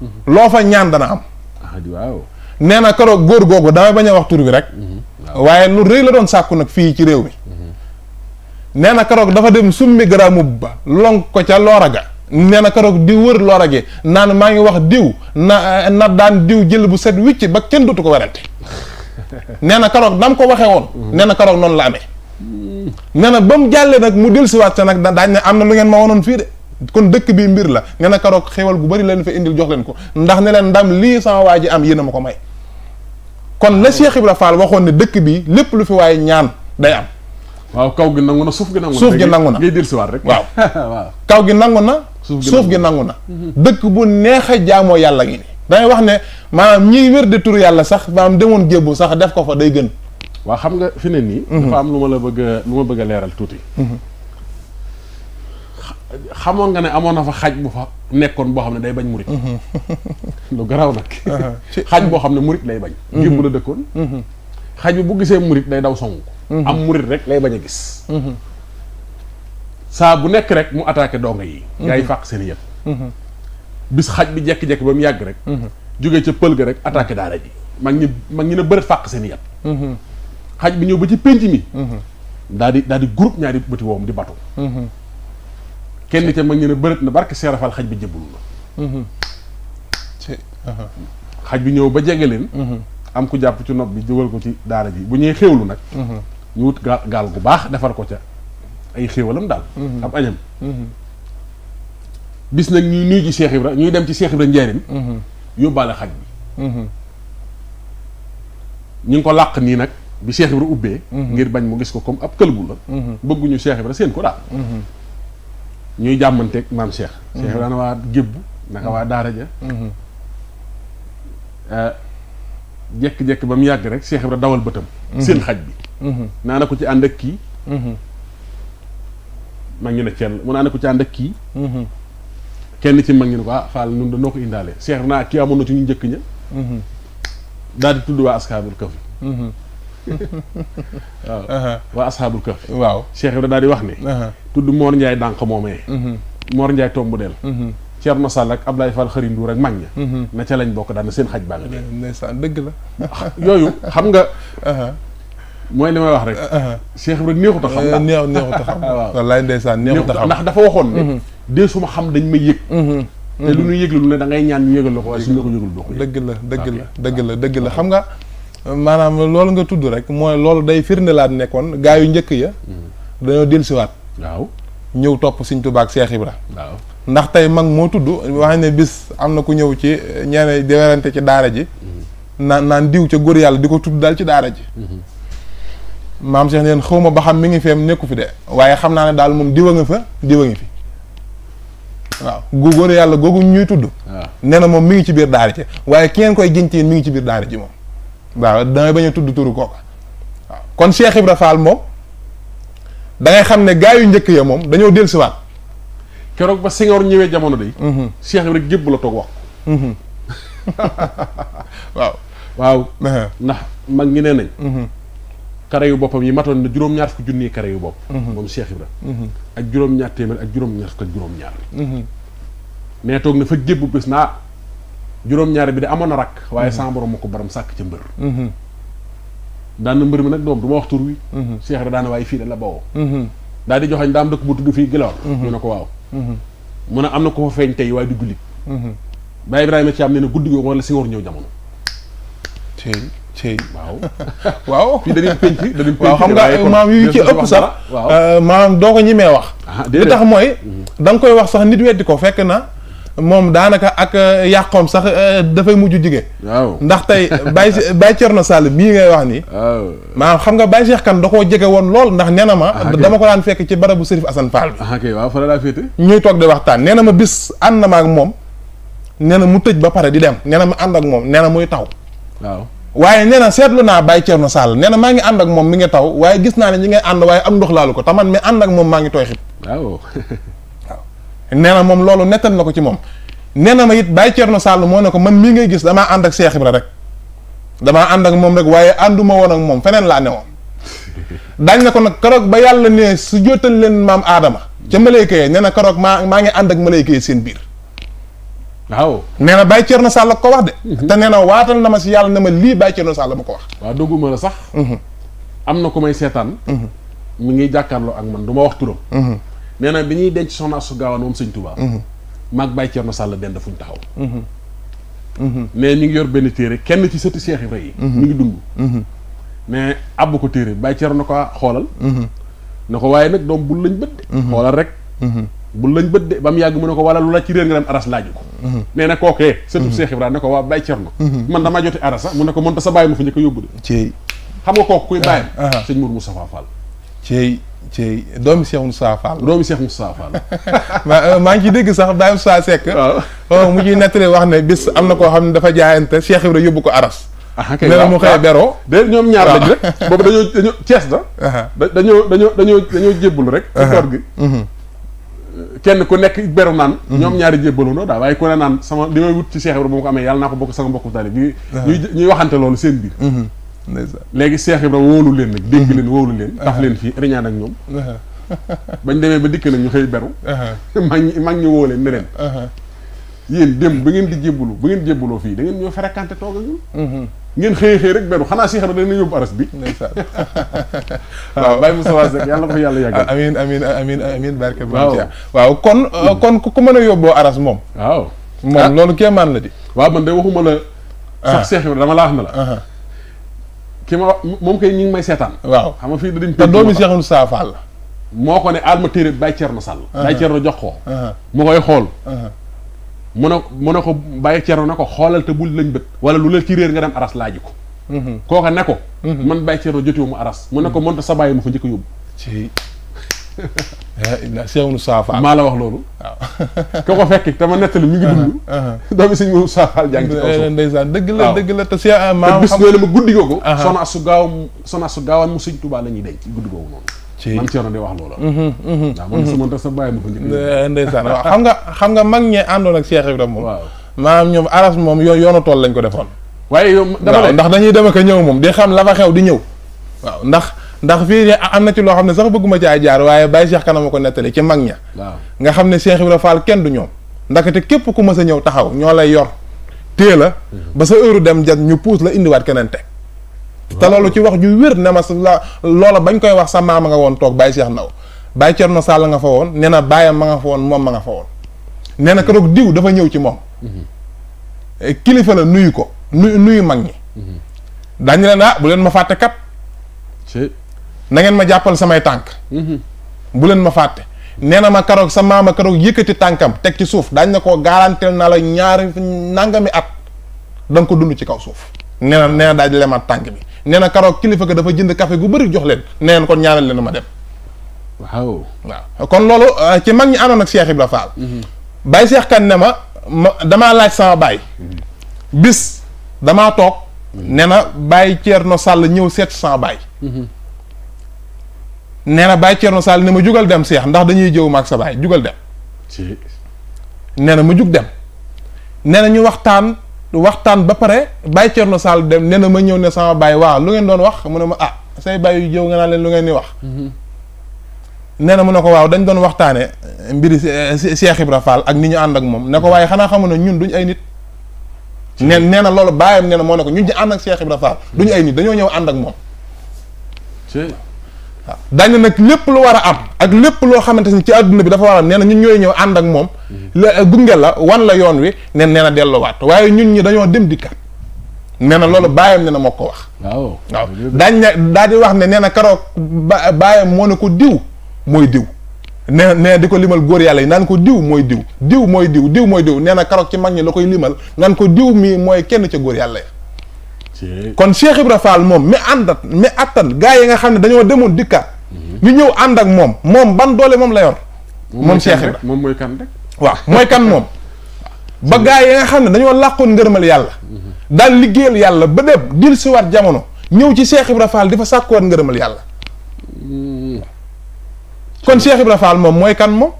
mm-hmm. lo fa ñaan dana am ah, waaw nee na karoog góor googu damay bañ wax tur bi rek mm-hmm. waye lu reuy la doon sakku nak fi ci réew mi mm-hmm. nee na dafa dem summi gramu ba lonk ko ca loora ga nee na keroog di wër lora gi naan maa ngi wax diw na eh, na daan diw jël bu set wicc ba kenn dootu ko werante *laughs* nee na keroog nam ko waxee woon mm. nee na keroog noonu la amee nee na ba mu jàllee nag mu dellu siwaat sa nag daañ ne am na lu ngeen ma wanoon fii de kon dëkk bi mbir la nee na keroog xéwal gu bari leen fa indil jox leen ko ndax neleen leen ndam lii sama waa ji am yéen ma ko may kon la ah, Cheikh Ibra Fall waxoon ne dëkk bi lépp lu fi waaye ñaan day am waaw kaw gi nangu na suuf gi nangu na suuf gi nangu na ngay dellusiwaat rek waaw *laughs* waaw kaw gi nangu na *laughs* suuf gi nangu na mhm. dëkk bu neex a jaamoo yàlla ngi ni dangay wax ne maanaam ñiy wér de turu yàlla sax maanaam demoon jébbu sax def ko fa day gën waa xam nga fi ne nii mhm. dafa am lu ma la bëgg a lu ma bëgg a leeral tuuti mhm. xamoon nga ne amoon na fa xaaj bu fa nekkoon boo xam ne day bañ murit *laughs* lu garaaw nag xaaj boo xam ne murit lay bañ jébbu la dëkkoon xaj bi bu gisee murit day daw songu ko mhm. am murit rek lay bañ a gis mhm. saa bu nekk rek mu attaqué donga yi gaa mhm. yi fàq seen yëpp bis xaj bi jekki-jekki ba mu yàgg rek jóge ca pël ga rek attaqué daara ji mag ñi ne bëreet fàq seen yat xaj bi ñëw ba ci pénc mi daal di daal di groupe ñaari bëti woom di batu kenn ca mag ñi ne bëreet na barke seerafal xaj bi jëbbul na xaj bi ñëw ba jege leen am ku japp ci nopp bi jógal ko ci daara ji bu ñuy xewlu nak mhm. ñu wut gal gu baax defar ko ca ay xewalam dal am mhm. añam mhm. bis nak ñuy nuyu ci Cheikh ibrahim ñuy dem ci Cheikh Ibra njaarim yóbbaale xaj bi ñu ko laq ni nak bi Cheikh ibrahim ubbe ngir bañ mu gis ko comme ab kelbu la bëggu ñu Cheikh ibrahim seen ko dal ñuy jamante ak mam Cheikh Cheikh ibrahim wa gebbu naka wa daara ja euh, jekk-jekk ba mu yàgg rek Cheikh Ibra dawal bëtam mhm. seen xaj bi mhm. naa na ko ci ànd ak kii mhm. mag ñu ne cenn mu naa na ko ci ànd ak kii kenn ci mag ñu ne ko ah Fall nun danoo ko indaalee Cheikh Ibra naa kii amoon na ci ñu njëkk ña daal di tudd waa asxaabul kahf *laughs* waaw waa asxaabul kahf waaw Cheikh Ibra daal di wax ne tudd Mor Ndiaye dànq moomee Mor Ndiaye tombu del Thierno Sall ab Ablaye Fall Xëriñ Nduur rek mag ña mhm. na ca lañ bokk daana seen xaj baa *laughs* nga ndeysaan dëgg la *laughs* yooyu xam nga uh-huh. mooy li may wax rek uh-huh. Cheikh Ibra neexut a neex neexut a xam xam ndax dafa waxoon ne mhm. dee suma xam dañ may yëg mhm. te lu ñu yëglu lu ne da ngay ñaan ñu yëgal la ko waaye suñu la ko yëgul doo ko dëgg la dëgg la dëgg la dëgg la xam nga maanaam loolu nga tudd rek mooy loolu day firnde laa nekkoon gaa yu njëkk ya dañoo dellusiwaat waaw ñëw topp Sëñ Tuubaa ak Cheikh ndax tey mag moo tudd wax ne bis am na ku ñëw ci ñeneen di ci daara ji mhm. naan naan diw ca góor yàlla di ko tudd daal ci daara ji mhm. maam Cheikh neen xawma ba xam mi ngi feem nekku fi de waaye xam naa ne daal moom diwa nga fa diwa ngi fi waaw gu góor yàlla googu ñuy tudd ah. nee na moom mi ngi ci biir daara ji waaye ki kenn koy giñ ci mi ngi ci biir daara ji moom waaw dangay bañ a tudd turu kooka waaw kon seex Ibra Fall moom dangay xam ne gaa yu njëkk ya moom dañoo dellusiwaat kérok ba Senghor ñëwé jamono de. Mhm. Cheikh rek gébb la tok wax mhm. *laughs* waaw. waaw. nah mag ñi nee nañ. Mhm. kare yu bopam yi matoon na juróom-ñaar fu jooni kare yu bop mom Cheikh Ibra ak juroom ñaar téeméer ak juroom ñaar fukk ak juróom-ñaar. nee tok na fa gébb bis na juroom ñaar bi de rak na sa borom mako borom sak ci mbeur sàkk daan na mbeur mi nak doom du ma wax tour wi. Cheikh Ibra na waaye fii la bawoo. daal di joxañ daam dëkk bu tuddu fi Gilor. ñu nako waaw. mu ne am na ko fa feeñ tey waaye du jullit Baye Ibrahima ci am na guddi googu wala Senghor ñëw jamono tey tey waaw *laughs* waaw fii dañuy penc dañuy penc waaw xam nga maam yu ci ëpp sax euh, maam doo ko ñimee wax ah, li tax mooy mm-hmm. da koy wax sax nit weddi ko fekk na moom daanaka ak euh, yàqoom sax euh, dafay mujj jige waaw ndax tey *laughs* Baye Baye Thierno Sall bii ngay wax nii. waaw maanaam xam nga Baye Cheikh Kane da koo jege woon lool ndax nee na ma. Ah, dama ko daan fekk ci barabu Serif Assane Fall. ah ok ñuy toog di waxtaan nee na ma bis ànd na ma ak moom nee na mu tëj ba pare di dem nee na ma ànd ak moom nee na muy taw. waaw waaye nee na seetlu naa Baye Thierno saal nee na maa ngi ànd ak moom mi ngi taw waaye gis naa ne ñi ngay ànd waaye am ndox laalu ko taman mi ànd moom maa ngi tooy *laughs* nee mom lolu netal nako ci mom nee ma yit bay cierno Sall mo nako man mi ngay gis dama and ak Cheikh Ibra rek dama and ak mom rek waye anduma won ak mom fenen la newon *laughs* dañ nako nak karok ba yalla ne su jotal len mam adama ci malaika yi ya, nee na ma ak malaika ya seen bir waw bay cierno ko wax de mhm. te watal na ma ci yalla ma lii Baye Sall mako wax wa dogguma la sax mhm. am na ku may seetaan mhm. mi ngay jakarlo ak man duma wax nee na bi ñuy denc soxna su Gawane moom sëñ Touba. maag mhm. Baye Thierno Sall dend fu ñu taxaw. Mhm. Mhm. mais ñu ngi yor benn téere kenn ci sëti Cheikh Ibra yi. mi ngi dund. mais abbu ko téere Baye Thierno na ko ah, xoolal. na ko waaye nag doom bul lañ bët de. xoolal rek. bul lañ bët de ba mu yàgg mu ne ko wala lu la ci réer nga dem ko. nee na kookee. sëtu Cheikh Ibra ne ko waa Baye Thierno. man damaa joti aras sax mu ne ko mënta sa bàyyi ma fa ñu ko yóbbu de. xam nga kooku kuy ah, bàyyam. Ah. sëñ Mourou Moustapha Fall. ci doomi Cheikh Moussa Fall. doomi Cheikh Moussa Fall. *laughs* maa euh, maa ngi ciy dégg sax Baye Moussa Seck. waaw oh, mu ciy nettali wax ne bis am na koo xam ne dafa jaayante Cheikh Ibra yóbbu ko Aras. ah kay waaw mu ah, ñoom ñaar lañ rek. boobu dañoo Cees *laughs* da. dañoo dañoo dañoo dañoo jébbalu rek. ci koor gi. Mhm. kenn ku nekk beru naan. Mhm. ñoom ñaari jébbalu noo daal waaye ku ne naan sama li may wut ci Cheikh ba mu ko amee yàlla naa ko bokk sama mbokku taalibe bi. ñuy ñuy waxante loolu seen biir. Mhm. léegi Cheikh Ibra woolu leen nag dégg leen wóolu leen taf leen fii riñaan ak ñoom bañ demee ba dikk nag ñu xëy beru *laughs* mag mag ñu woo leen ne leen yéen dem ba ngeen di jébbalu ba ngeen jébbaloo fii da ñoo fréquenté toog ak ñun ngeen xëy xëy rek beru xanaa Cheikh Ibra dana yóbbu aras bi *laughs* waaw bàyyi Moussa Wade rek yàlla ko yàlla yàggal ah, amiin amiin amiin amiin barke ba waaw kon euh, hmm. kon ku mën a yóbboo aras moom waaw moom ah. loolu kéemaan la di waaw man de waxuma la ah. ki ma moom kay ñu ngi may seetaan. waaw xam nga fii dañu. te doomi Cheikh Moussa Fall. moo ko ne aal téere Baye Thierno Sall. Uh-huh. Baye Thierno jox ko. Uh-huh. mu koy xool. Uh-huh. mu ne mu ne ko Baye Thierno na ko xoolal te bul lañ bët. wala lu la ci réer nga dem aras laaji ko. kooka ne ko. man Baye Thierno jotiwu mu aras. mu ne ko mënta sa bàyyi ma fa njëkk a yóbbu. Eh, Cheikh Moussa Fall maa la wax loolu. waaw *laughs* ka ko fekk dama nettali mu ngi dund. Uh-huh. doomi sëñ Moussa Fall jàng ci kaw eh, ndeysaan dëgg la dëgg la te Cheikh eh, maa xam te bis ma guddi gaaw uh-huh. soxna su mu sëñ Touba la ñuy denc guddi googu noonu. ci di wax loola. Uh-huh, waaw man su ma doon sa bàyyi ma ko xam nga xam nga mag ñee àndoon ak Cheikh Ibrahima moom. waaw maanaam ñoom aras moom yoo yoonu tool lañ ko defoon. waaye yow dama ndax dañuy dem a ñëw moom di xam la fa xew di ñëw waaw ndax ndax fii am na ci loo xam ne sax bëgguma ci ay jaar waaye bàyyi Cheikh kanama ko nettali ci mag ña nga xam ne seex Cheikh Ibra Fall kenn du ñoom ndaxte képp ku mës a ñëw taxaw ñoo lay yor téye la mhm. ba sa heure dem jat ñu puus la indiwaat keneen teg te loolu ci wax ju wér ne ma la loola bañ koy wax sa a nga woon toog bàyyi Cheikh Ndaw bàyyi Cerno Sall nga fa woon nee na bàyyam ma nga fa woon moom ma nga fa woon nee na keroog diw dafa ñëw ci moom mhm. eh, kilifa la nuyu ko nuyu nuyu mag ñi mhm. dañu leen ah ma fàtte kat na ngeen ma jappal samay hmm bu len ma fàtte nee ma karok sa mama karok yëkkati tankam tek ci suuf dañ na ko la ñaar nangami at da ko dund ci kaw suuf nee na nee le ma tank bi nee karok kilifa ga dafa jënd café gu bari jox len nee kon ñaanal len ma dem waaw waaw kon lolu euh, ci mag ñi ak Cheikh ibrahim Fall mhm. bay Cheikh kan ne ma laaj sama bay bis dama tok bai mhm. na Baye Thierno Sall ñew sama nee na cierno sal Sall ne jugal dem cheikh ndax dañuy jëw mak sa jugal dem. ci nee na ma jug dem. nee na ñu waxtaan waxtaan ba pare bàyyi cierno sal dem nee na ma ñëw ne sama baay wa lu ngeen doon wax mu ne ma ah say baay yu jëw nga na leen lu ngeen ni wax. Mhm. nee na mu ne ko waaw dañ doon waxtaanee mbiri Cheikh Ibra Fall ak ni ñu ànd ak mom ne ko waaye xana xamuna ñun duñ ay nit. nee lolu na loolu mo ne ko ñun ñu and ak Cheikh Ibra Fall duñ ay nit dañu ñëw and ak waaw daañu nag lépp lu war a am ak lépp loo xamante ni ci àdduna bi dafa war a am nee na ñun ñooy ñëw ànd ak moom. la gunge la wan la yoon wi ne nee na delluwaat waaye ñun ñi dañoo dem dikkaat nee na loolu bàyyam ne na moo ko wax. waaw waaw ne daal di wax ne nee na karoog ba bàyyam moo ne ko diw mooy diw. nee nee di ko limal góor yàlla yi naan ko diw mooy diw diw mooy diw diw mooy diw nee na karoog ci mag ñi la koy limal ngan ko diw mii mooy kenn ca góor yàlla ya kon Cheikh Ibra Fall andat me àndat gaya attan gars yi nga xamne dañu demone dikka ñu ñew and ak mom mom ban doole mom la yor. mom kan Cheikh Ibra mom moy kan rek. wa moy kan mom ba gaay nga xamne dañu laqoon ngeermal yalla mhm. dal yalla ba deb dil ci jamono ñew ci Cheikh Ibra Fall di fa sàkkuwaat ngërmal mm. kon Cheikh Ibra Fall mom, mooy kan moom.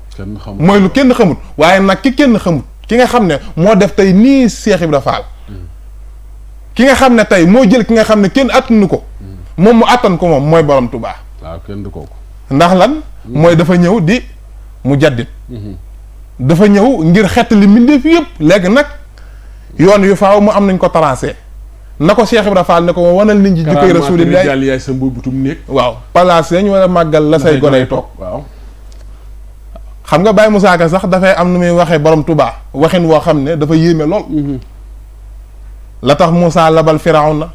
moy lu kenn xamut waye nak ki kenn xamut ki nga xamne mo def tay ni Cheikh Ibra ki nga xam ne tey moo jël ki nga xam ne kenn attanu ko moom mu attan ko moom mooy borom tubaa waaw kenn du kooku ndax lan hmm. mooy dafa ñëw di mu jaddit hmm. dafa ñëw ngir xettali mbindeef yëpp léegi nag yoon yu faaw mu am nañ ko tracé na ko Cheikh Ibra Fall ne ko wanal nit ñi jikkoy sa mbuy butum waaw palaas yañ war a màggal la say goney toog waaw xam nga Baye Moussa Ka sax dafay am nu muy waxee borom tubaa waxin woo xam ne dafa yéeme lool hmm. la tax Moussa labal Firawna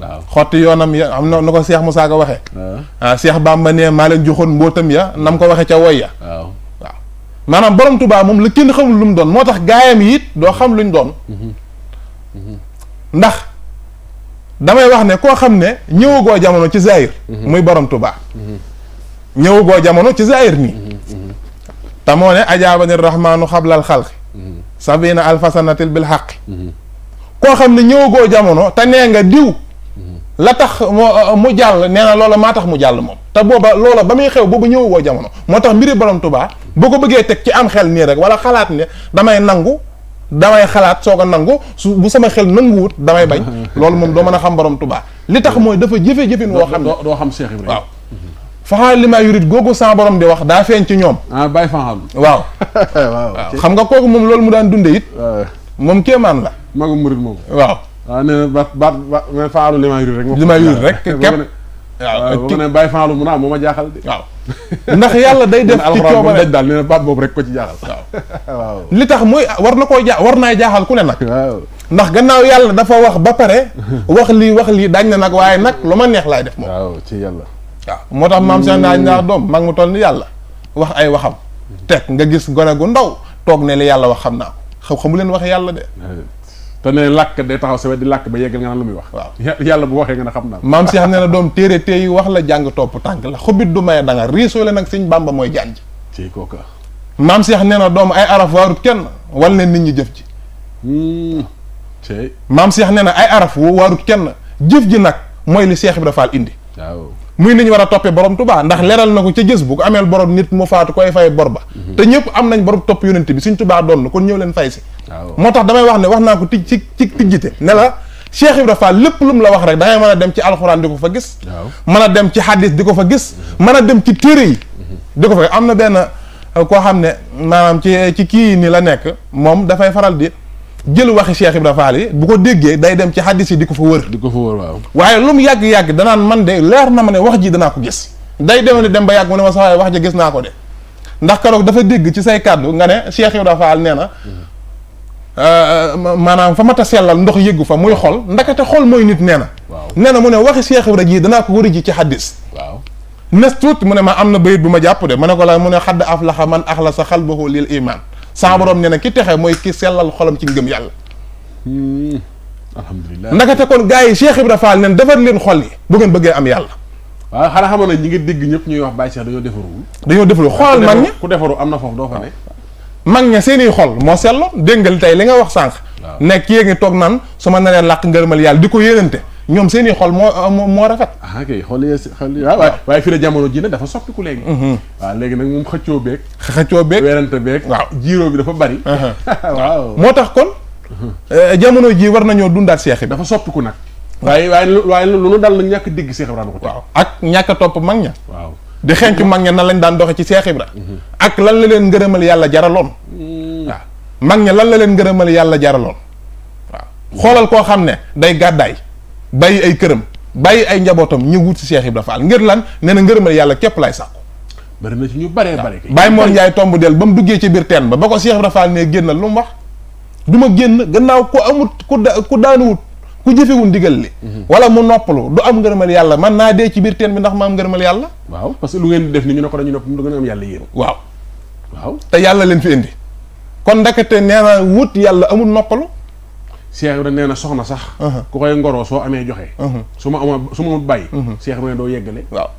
waaw xotti yoonam ya am na nu ko Cheikh Moussa ko waxee. ah Cheikh Bamba nee maa leen joxoon mbootam ya nam ko waxee ca woy ya. waaw waaw maanaam borom Tuubaa moom la kenn xamul lu mu doon moo tax gaayam yi it doo xam luñ doon. ndax damay wax ne koo xam ne ñëwagoo jamono ci Zahir. muy borom Tuubaa. ñëwagoo jamono ci Zahir nii. te moo ne ajaabani rahmaanu xablal xalqi. sabina alfasanatil bil xaqi. koo xam ne ñëwagoo jamono te nee nga diw la tax euh, mu jàll nee na loola maa tax mu jàll moom te booba loola ba muy xew boobu ñëwagoo jamono moo tax mbiri borom tubaa boo ko bëggee teg ci am xel nii rek wala xalaat ne damay nangu damay xalaat soo ko nangu su bu sama xel nanguwut damay bañ *laughs* loolu moom doo mën a xam borom tubaa li tax mooy dafa jëfe-jëfin woo xam ne doo xam Cheikh Ibrahima waaw faxaa li maa yurit googu sa borom di wax daa feeñ ci ñoom ah bàyyi faxal waaw *laughs* waaw xam nga kooku moom loolu mu daan dunde it moom kéemaan la. magu mu moom. waaw. waaw ah, nee na ba ba ba faalu li ma rek. li ma yur rek képp. waaw boo ko mu naa moo ma jaaxal ndax yàlla day def. *laughs* ci coobare daal nee boobu rek ko ci jaaxal. *laughs* li tax muy war na koo ja war naa jaaxal ku ne nag. ndax gannaaw yàlla dafa wax ba pare. wax lii wax lii dañ na nag waaye nag lu ma neex laay def moom. ci yàlla. waaw moo tax maam seen naa ñaar doom mag mu toll ni yàlla. wax ay waxam. teg nga gis gone gu ndaw toog ne li yàlla wax xam naa xam-xamu leen waxee yàlla de te ne làkk de taxaw sa di làkk ba yeggal nga naan lu muy wax waaw yàlla bu waxee nga ne xam naa maam si xam ne na doom téere tey wax la jàng topp tànk la xubit du maye danga riisoo le nag sëñ bàmba mooy janj ci kooka maam si xam ne na doom ay araf waarut kenn wal leen nit ñi jëf ji hmm. maam seex nee na ay araf wu waarut kenn jëf ji nag mooy li seex bi dafaal indi muy nañu war a toppee borom tubaa ndax leral na ko ca gës bu ko ameel borom nit mu faatu koy fay bor ba mhm. te ñëpp am nañ borom topp yonent bi suñ tubaa doon na ko ñëw leen fay si moo tax damay wax ne wax naa ko tij ci ci tijjite ne la Cheikh Ibra Fall lépp lu mu la wax rek da ngay a dem ci alxuraan di ko fa gis man a dem ci xadis di ko fa gis mhm. mën dem ci téere yi mhm. di ko fa am na benn euh, koo xam ne maanaam ci ci kii ni la nekk moom dafay faral di jël waxi Cheikh Ibra Fall yi bu ko déggee day dem ci xaddis yi di ko fa wër. di ko fa wër waaw. waaye lu mu yàgg-yàgg danaan man de leer na ma ne wax ji danaa ko gis day dem ne dem ba yàgg mu ne ma sax wax ja gis naa ko de ndax keroog dafa dégg ci say kàddu nga ne Cheikh Ibra Fall nee na maanaam fa ma ta sellal ndox yëggu fa muy xol ndakate xol mooy nit nee na. waaw nee na mu ne waxi Cheikh Ibra jii danaa ko wër ji ci xaddis. waaw nes tuut mu ne ma am na bayit bu ma jàpp de ma ne ko la mu ne xadd aflaxa man axlasa xalbahu lil iman sama borom nee na ki texe mooy ki sellal xolam ci ngëm yàlla. Hmm. alhamdulilah ndakate kon gars yi Cheikh Ibra Fall neen defar leen xol yi bu ngeen bëggee am yàlla. waaw xanaa xamoon na ñi ngi dégg ñëpp ñuy wax Baye Cheikh dañoo defaru. dañoo defaru xoolal mag ñi ku defaru am na foofu doo fa ne. mag ña seeni xol moo selloon déngal tey li nga wax sànq nekk yéeg ngi toog naan su ma naree làq ngërmal yàlla di ko yéenante ñoom seeni i xol moo moo rafet ah kay xool yi ah, waaw waaye fii jamono ji ne dafa soppiku léegi mm-hmm. waaw léegi nag moom xëccoo xëccoo beeg werante beeg waaw jiiroo bi dafa bari uh-huh. *laughs* waaw moo tax kon uh-huh. eh, jamono ji war nañoo dundaat seex bi dafa soppiku nag waaye waaye waaye lu nu dal ñàkk dégg Seex Ibrahima ko waaw ak ñàkk a topp mag ña waaw di xenc mag ña nan lañ daan doxe ci Seex Ibra ak lan la leen ngërëmal yàlla jaraloon mm. waaw mag ña lan la leen ngërëmal yàlla jaraloon waaw xoolal koo xam ne day gàddaay bàyyi ay këram bàyyi ay njabootam ñu wut si Seex Ibra Faal ngir lan nee na ngërëmal yàlla képp laay sàkku bari na ci ñu baree bare Baye Mor Ndiaye tomb del ba mu duggee ci biir teen ba ba ko Seex Ibra Faal ne génnal lu mu wax du ma génn gannaaw ku amut ku ku daanuwut ku jëfewul ndigal li mhm. wala mu noppalu du am ngërëmal yàlla man naa dee ci biir teen bi ndax ma am ngërëmal yàlla waaw parce que lu te yàlla leen fi indi kon ndekete nee na wut yàlla amul noppalu Cheikh Ibrahima nee na soxna sax uh-huh. ku koy ngoroo soo amee joxe uh-huh. su ma amoon su ma amul bàyyi uh-huh. Cheikh Ibrahima doo yeggale waaw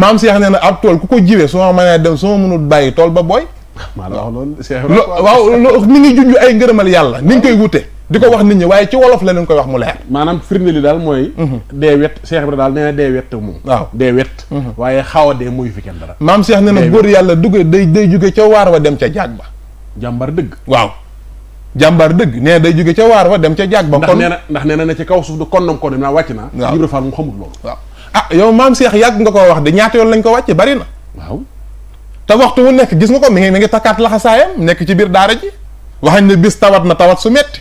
maam Cheikh nee na ab tool ku ko jiwee su ma mënee dem su ma mënul bàyyi tool ba booy *laughs* maa la wax loolu Cheikh waaw mi ngi junj ay ngërëmal yàlla ni nga koy wute di ko wax nit ñi waaye ci wolof la leen koy wax mu leer maanaam firnde li daal mooy mhm. dee wet Cheikh Ibra daal nee na dee wet mhm. waaye xaw a dee muy fi kenn dara maam Cheikh nee na góor yàlla dugge day day jóge ca waar wa dem ca jaag ba jàmbar dëgg waaw jàmbaar dëgg nee day jóge ca waar wa dem ca jaag ba nee na ndax nee na ne ci kaw suuf du kondom kondom na waaw Ibra Fall mu xamul loolu waaw ah yow yàgg nga koo wax de ñaata yoon lañ ko wàcc bari na waaw te waxtu wu nekk gis nga ko mi ngi mi ngi takkaat laxasaayam nekk ci biir daara ji waxañ ne bis tawat na tawat su metti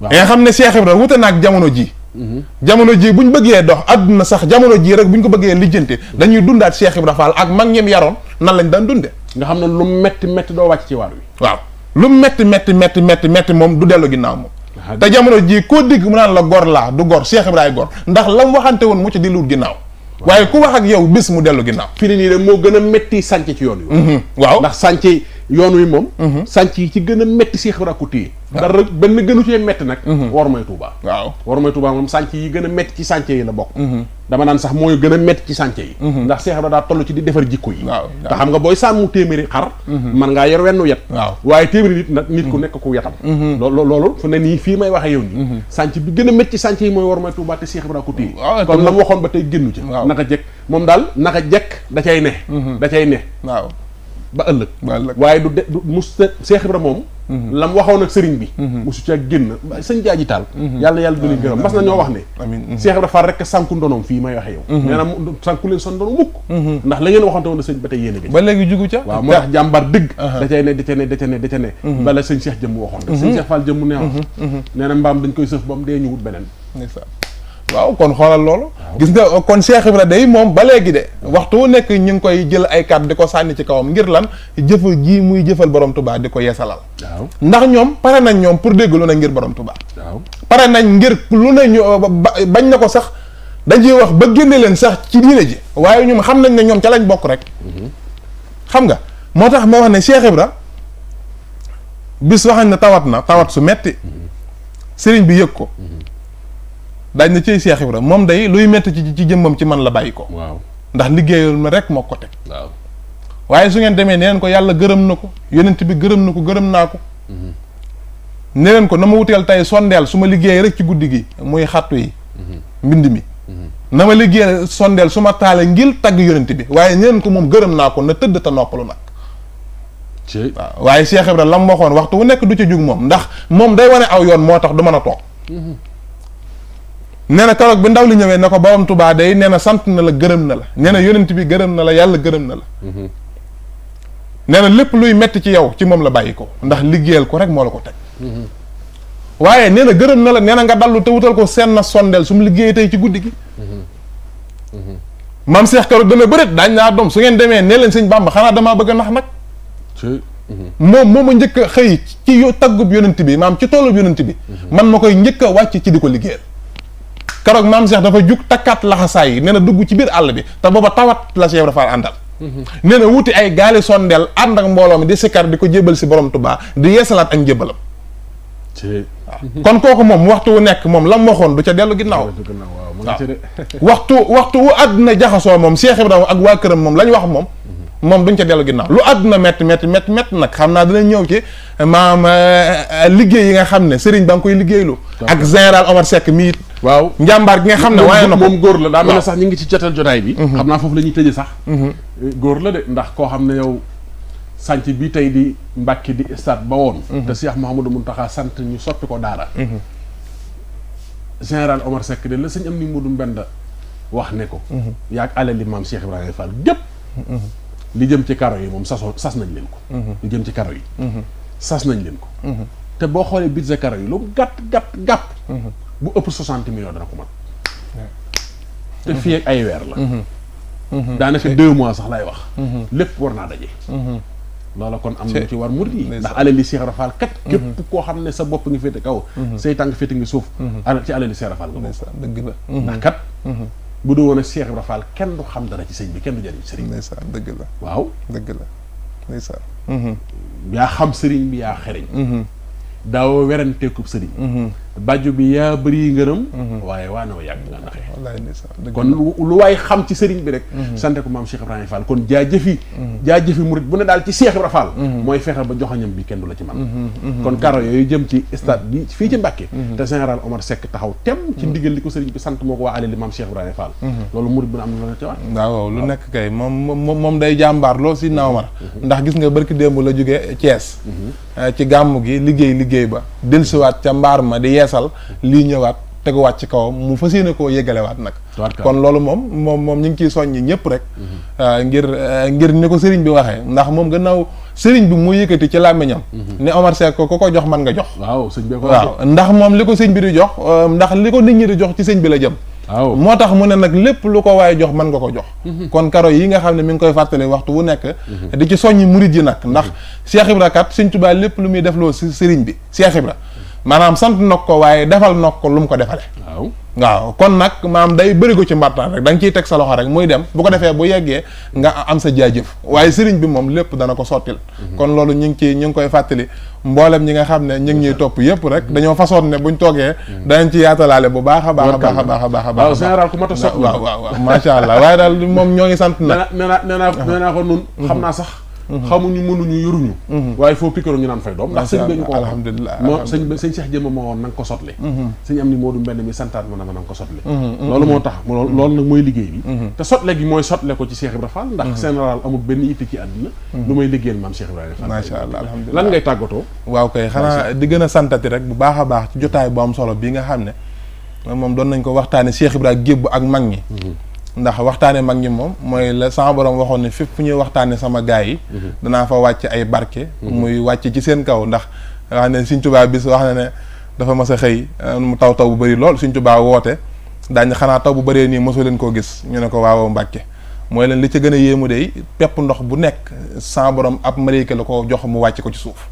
nga xam ne Cheikh Ibrahima wute ak jamono ji mhm. jamono ji ñu bëggee dox adduna sax jamono ji rek ñu ko bëggee lijjante mhm. dañuy dundaat Cheikh Ibrahima Fall ak mag ñem yaroon nan lañ daan dunde nga xam ne lu metti metti doo wàcc ci waar wi waaw lu metti metti metti metti metti moom du dellu ginnaaw moom te jamono ji koo digg mu naan la gor laa du gor Cheikh Ibrahima gor ndax lam waxante woon mu ci di luut ginnaaw waaye ku wax ak yow bis mu dellu ginnaaw fii nii rek moo gën a métti sànc ci yoon wi mhm. waaw yoon wi moom mhm. sànc yi ci gën a métti Cheikh Ibra ko téye dara benn gënu cee métti nag mhm. war may Touba waaw war may Touba moom sànc yi gën a métti ci sànc yi la bokk mhm. dama naan sax mooy gën a métti ci sànc yi ndax Cheikh Ibra daa toll ci di defar jikko xam nga booy sàmm téeméeri xar man ngaa yor wenn yet waaw waaye téeméeri nit nag nit ku nekk ku yetam loolu loolu nii fii may waxe yow nii sànc bi gën a métti ci yi mooy war may Touba te Cheikh Ibra ko téye kon la mu waxoon ba tey génnu ci naka jekk moom daal naka jekk da cay ne da cay ne waaw ba ëllëg waaye du de du mus Seex Ibra moom mhm. lam waxoon ak sëriñ bi mhm. mosu ca génn sëñ jaaji taal mhm. yàlla yàlla du leen gërëm a ba mbaam dañ koy sëf ba dee ñu wut beneen waaw kon xoolal loolu. gis nga kon Cheikh Ibra day moom ba léegi de waxtu wu nekk ñu ngi koy jël ay kàddu di ko sànni ci kawam ngir lan jëf ji muy jëfal borom tubaa di ko yeesalal. ndax ñoom pare nañ ñoom pour dégg lu ne ngir borom tubaa pare nañ ngir lu ne ñu bañ na ko sax dañuy wax ba génne leen sax ci diine ji. waaye ñoom xam nañ ne ñoom ca lañ bokk rek. Mhm. xam nga moo tax moo wax ne Cheikh Ibra bis waxañ ne tawat na tawat su metti mhm. sëriñ bi yëg ko. Mhm. daaj na ciy Cheikh rek moom day luy métti ci ci jëmmam ci man la bàyyi ko waaw ndax liggéeyal ma rek moo ko teg waaw waaye su ngeen demee neen ko yàlla gërëm na ko yonent bi gërëm na ko gërëm naa ko mhm. ne leen ko na ma wuteel tey sondeel su ma liggéeyee rek ci guddi gi muy xattu yi mhm. mbind mi mhm. na ma liggéeyee sondeel su ma taale ngir tagg yonent bi waaye neen ko moom gërëm naa ko na tëdd te noppalu nag waaye Cheikh Ibra la mu waxoon waxtu wu nekk du ca jug moom ndax moom day wane aw yoon moo tax du mën a toog nee na keroog bi ndaw li ñëwee na ko borom tubaa day nee na sant na la gërëm na la nee na bi gërëm na la yàlla gërëm na la mhm. nee na lépp luy metti ci yow ci moom la bàyyi ko ndax liggéeyal ko rek moo la ko teg mhm. waaye nee na gërëm na la nee nga dallu te wutal ko seen na sondeel su mu liggéeyee tey ci guddi gi mhm. maam seex keroog dana bërit daañ naa doom su ngeen demee nee leen sëñ bàmba xanaa damaa bëgg a nax nag moom ma njëkk a xëy ci taggub yonent bi maam ci toolub yonent bi man ma koy njëkk a wàcc ci di ko liggéeyal karok mam Cheikh dafa yuk takat laxasaay yi nee na ci bir àll bi ta boba tawat la Cheikh dafa andal mhm. neena wuti ay gaali sondel and ak mbolom di sikar di ko jébal si borom tuba di yeesalaat ak njébalam kon kooku mom waxtu wu nek mom lam waxon du ca delu ginnaw *laughs* waxtu waxtu wu àdduna jaxasoo Cheikh ibrahim ak wa mom lañ wax mom moom duñ ca dellu ginnaaw lu àdduna métti mett mett métti nag xam naa dinañ ñëw ci maam euh, euh, liggéey yi nga xam ne sëriñ ba nga koy liggéeylu ak général Omar Seck mii waaw njàmbaar gi nga xam ne waaye na ko moom góor la daa sax ñu ngi ci jotal jotaay bi mhm. xam naa foofu la ñuy tëje sax mhm. euh, góor la de ndax koo xam ne yow sànc bi tey di Mbàkke di stade ba woon mhm. te du Mouhamadou Mountakha sant ñu sotti ko daara général Omar Seck de la sëñ am ni Modou Mbenda wax ne ko yaag alali maam Cheikh li jëm ci karo yi mom sasoo sas nañ leen ko li jëm ci karo yi sas nañ leen ko te bo xolé budget karo yi lu gat gat gat bu ëpp 60 millions dana ko man te fi ak ay wër la da na fi 2 mois sax lay wax lépp war na daje lolo kon am na ci war murid yi ndax alali Cheikh Rafal kat kep ko xamne sa bop ngi fete kaw sey tang fete ngi souf ala ci alali Cheikh Rafal ndax kat bu doo woon a Cheikh Ibra Fall kenn du xam dara ci sëñ bi kenn du jëriñ sëriñ ndeysaan dëgg la waaw dëgg la ndeysaan yaa xam sëriñ bi yaa xereñ daawoo weranteekub sëriñ baju bi beri gerem, ngërëm mhm. waaye waanoo yag nga naxee kon lu way xam ci serigne bi rek mhm. sante ko mam Cheikh ibrahim Fall kon jaajëfi mhm. jaajëfi murit bu ne dal ci Cheikh ibrahim Fall moy fexe ba joxañam bi kenn dula ci man kon karo yoy jëm ci stade bi fi ci te general Omar sek taxaw tem ci ndigal liko serigne bi sante moko ko waale li mam Cheikh ibrahim Fall lolou murit bu am lu ci wax waaw lu nek kay mom mom day jambar lo si na Omar ndax gis nga barki dembu la jógee ties eh, ci gamu gi liggey liggey ba wat ca mbar ma di beesal lii ñëwaat teguwaat ci kawam mu fas yéene koo yëgalewaat nag kon loolu moom moom moom ñu ngi ciy soññi ñëpp rek mm-hmm. euh, ngir euh, ngir ni ko sëriñ bi waxee ndax moom gannaaw sëriñ bi mu yëkkati ci làmmiñam mm-hmm. ne Omar Seck li ko sëñ bi di jox euh, ndax li ko nit ñi di jox ci sëñ bi la jëm waaw moo tax mu ne nag lépp lu ko waaye jox mën nga ko jox mm-hmm. kon karo yi nga xam ne mi ngi koy fàttali waxtu wu nekk di ci soññi murit yi nag ndax Cheikh kat sëñ Tuubaa lépp lu muy def sëriñ bi Cheikh manam sant nako waye defal nako lum ko defale waw waaw kon nak maam day beuri go ci mbartaan rek dang ci tek sa loxo rek moy dem bu ko defé bu yeggé nga am sa jajeuf waye serigne bi mom lepp dana ko sottil mhm. kon lolu ñing ci ñing koy fatali mboolem ñi nga xam ñing ñi top yépp rek mhm. dañoo façon ne buñ togué mhm. dañ ci yaatalaale bu baaxa baaxa baaxa baaxa baaxa a waaw général ku mata a sot waaw waaw macha allah waaye daal moom ñoo ngi sant na na na na na nee nun xam sax xamuñu mënuñu yoruñu mhm. waaye foo pikiroo ñu naan fay doom ndax sëñ bi ñu ko alhamdulilah moo sëñ bi sëñ Cheikh Jëmm ma woon na nga ko sotle mhm. sëñ am ni Moodu Mbenn mi santaat ma na ma na nga ko sotle mhm, loolu moo tax loolu nag mooy liggéey bi te sotle gi mooy sotle ko ci Cheikh Ibra Fall ndax général amul benn itti ci àddina lu may liggéeyal maam Cheikh Ibrahima Fall macha allah alhamdulilah lan ngay tàggatoo waaw kay xanaa di gën a santati rek bu baax a baax ci jotaay bu am solo bi nga xam ne moom doon nañ ko waxtaane Cheikh Ibra gébb ak mag ñi ndax waxtaane mag ñi moom mooy la sama borom waxoon ne fépp fu ñuy waxtaane sama gaay yi mhm. danaa fa wàcc ay barke mhm. muy wàcc ci seen kaw ndax wax ne Sëñ wax na ne dafa mas a xëy euh, mu taw taw bu bëri lool Sëñ Tuubaa woote daañu xanaa taw bu bëree nii mosoo leen koo gis ñu ne ko waaw Mbàkke mooy leen li ci gën a yéemu day pepp ndox bu nekk sans borom ab malayka la ko jox mu wàcc ko ci suuf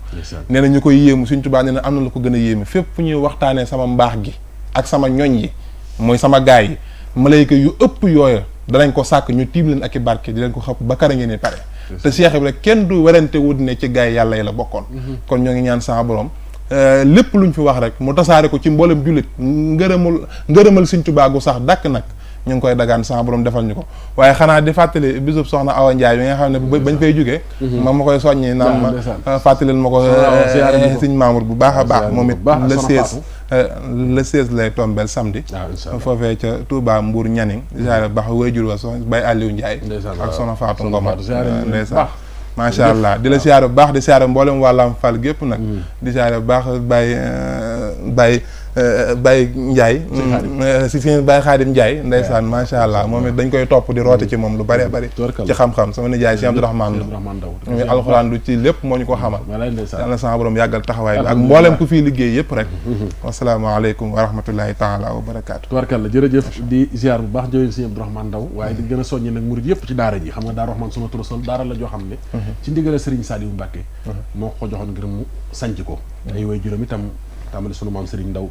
nee na ñu koy yéemu Sëñ Tuubaa nee na am na lu ko gën a yéemu fépp fu ñuy waxtaanee sama mbaax gi ak sama ñoñ yi mooy sama gaay yi malayka yu ëpp yooya danañ ko sàkk ñu tiim leen ak i barke di leen ko xëpp ba kara ngeen ne pare te Cheikh rek kenn du werante wut ne ci gaay yàlla yi la bokkoon mm-hmm. kon ñoo ngi ñaan sama borom euh, lu luñ fi wax rek mu tasaare ko ci mboolem jullit ngërëmul ngërëmal Sëñ Tuubaa gu sax dàkk nag ñu ngi koy dagaan sama borom defal ñu ko waaye xanaa di fàttali bisub soxna Awa njaay bi nga xam ne bañ fay jógee mm-hmm. ma ma koy soññi naan ma fàttalil ma ko euh, sëñ Mamour bu baax a baax moom it la sees Euh, le 16 lay tombel samedi. waaw ah, foofee ca Touba Mbour Nianing. ziare baax waajur wa soxna Baye Aliou Ndiaye. ak soxna Fatou Ngoma macha allah di la siyaare bu baax di siyaare mboolem wàllam fal gépp nag. Mm. di siyaare bu baax Baye euh, Baye. Euh, Baye Ndiaye. si euh, si Baye Xaadim Ndiaye. ndeysaan macha allah moom it dañ koy topp di roote ci moom lu bare bëri. ci xam-xam sama nijaay si Abdourahmane la. muy alxuraan lu ci lépp moo ñu ko xamal. yàlla sama borom yàggal taxawaay bi ak mboolem ku fii liggéey yëpp rek. Mm-hmm. asalaamaaleykum wa rahmatulahi taala di Ndaw gën yëpp ci daara ji xam nga daara Rahmane suma turasol daara la joo xam ne mm-hmm. ci mm-hmm. moo ko joxoon ngir mu sanc ko ay way juróom itam tàmbali sunu maam Serigne Ndaw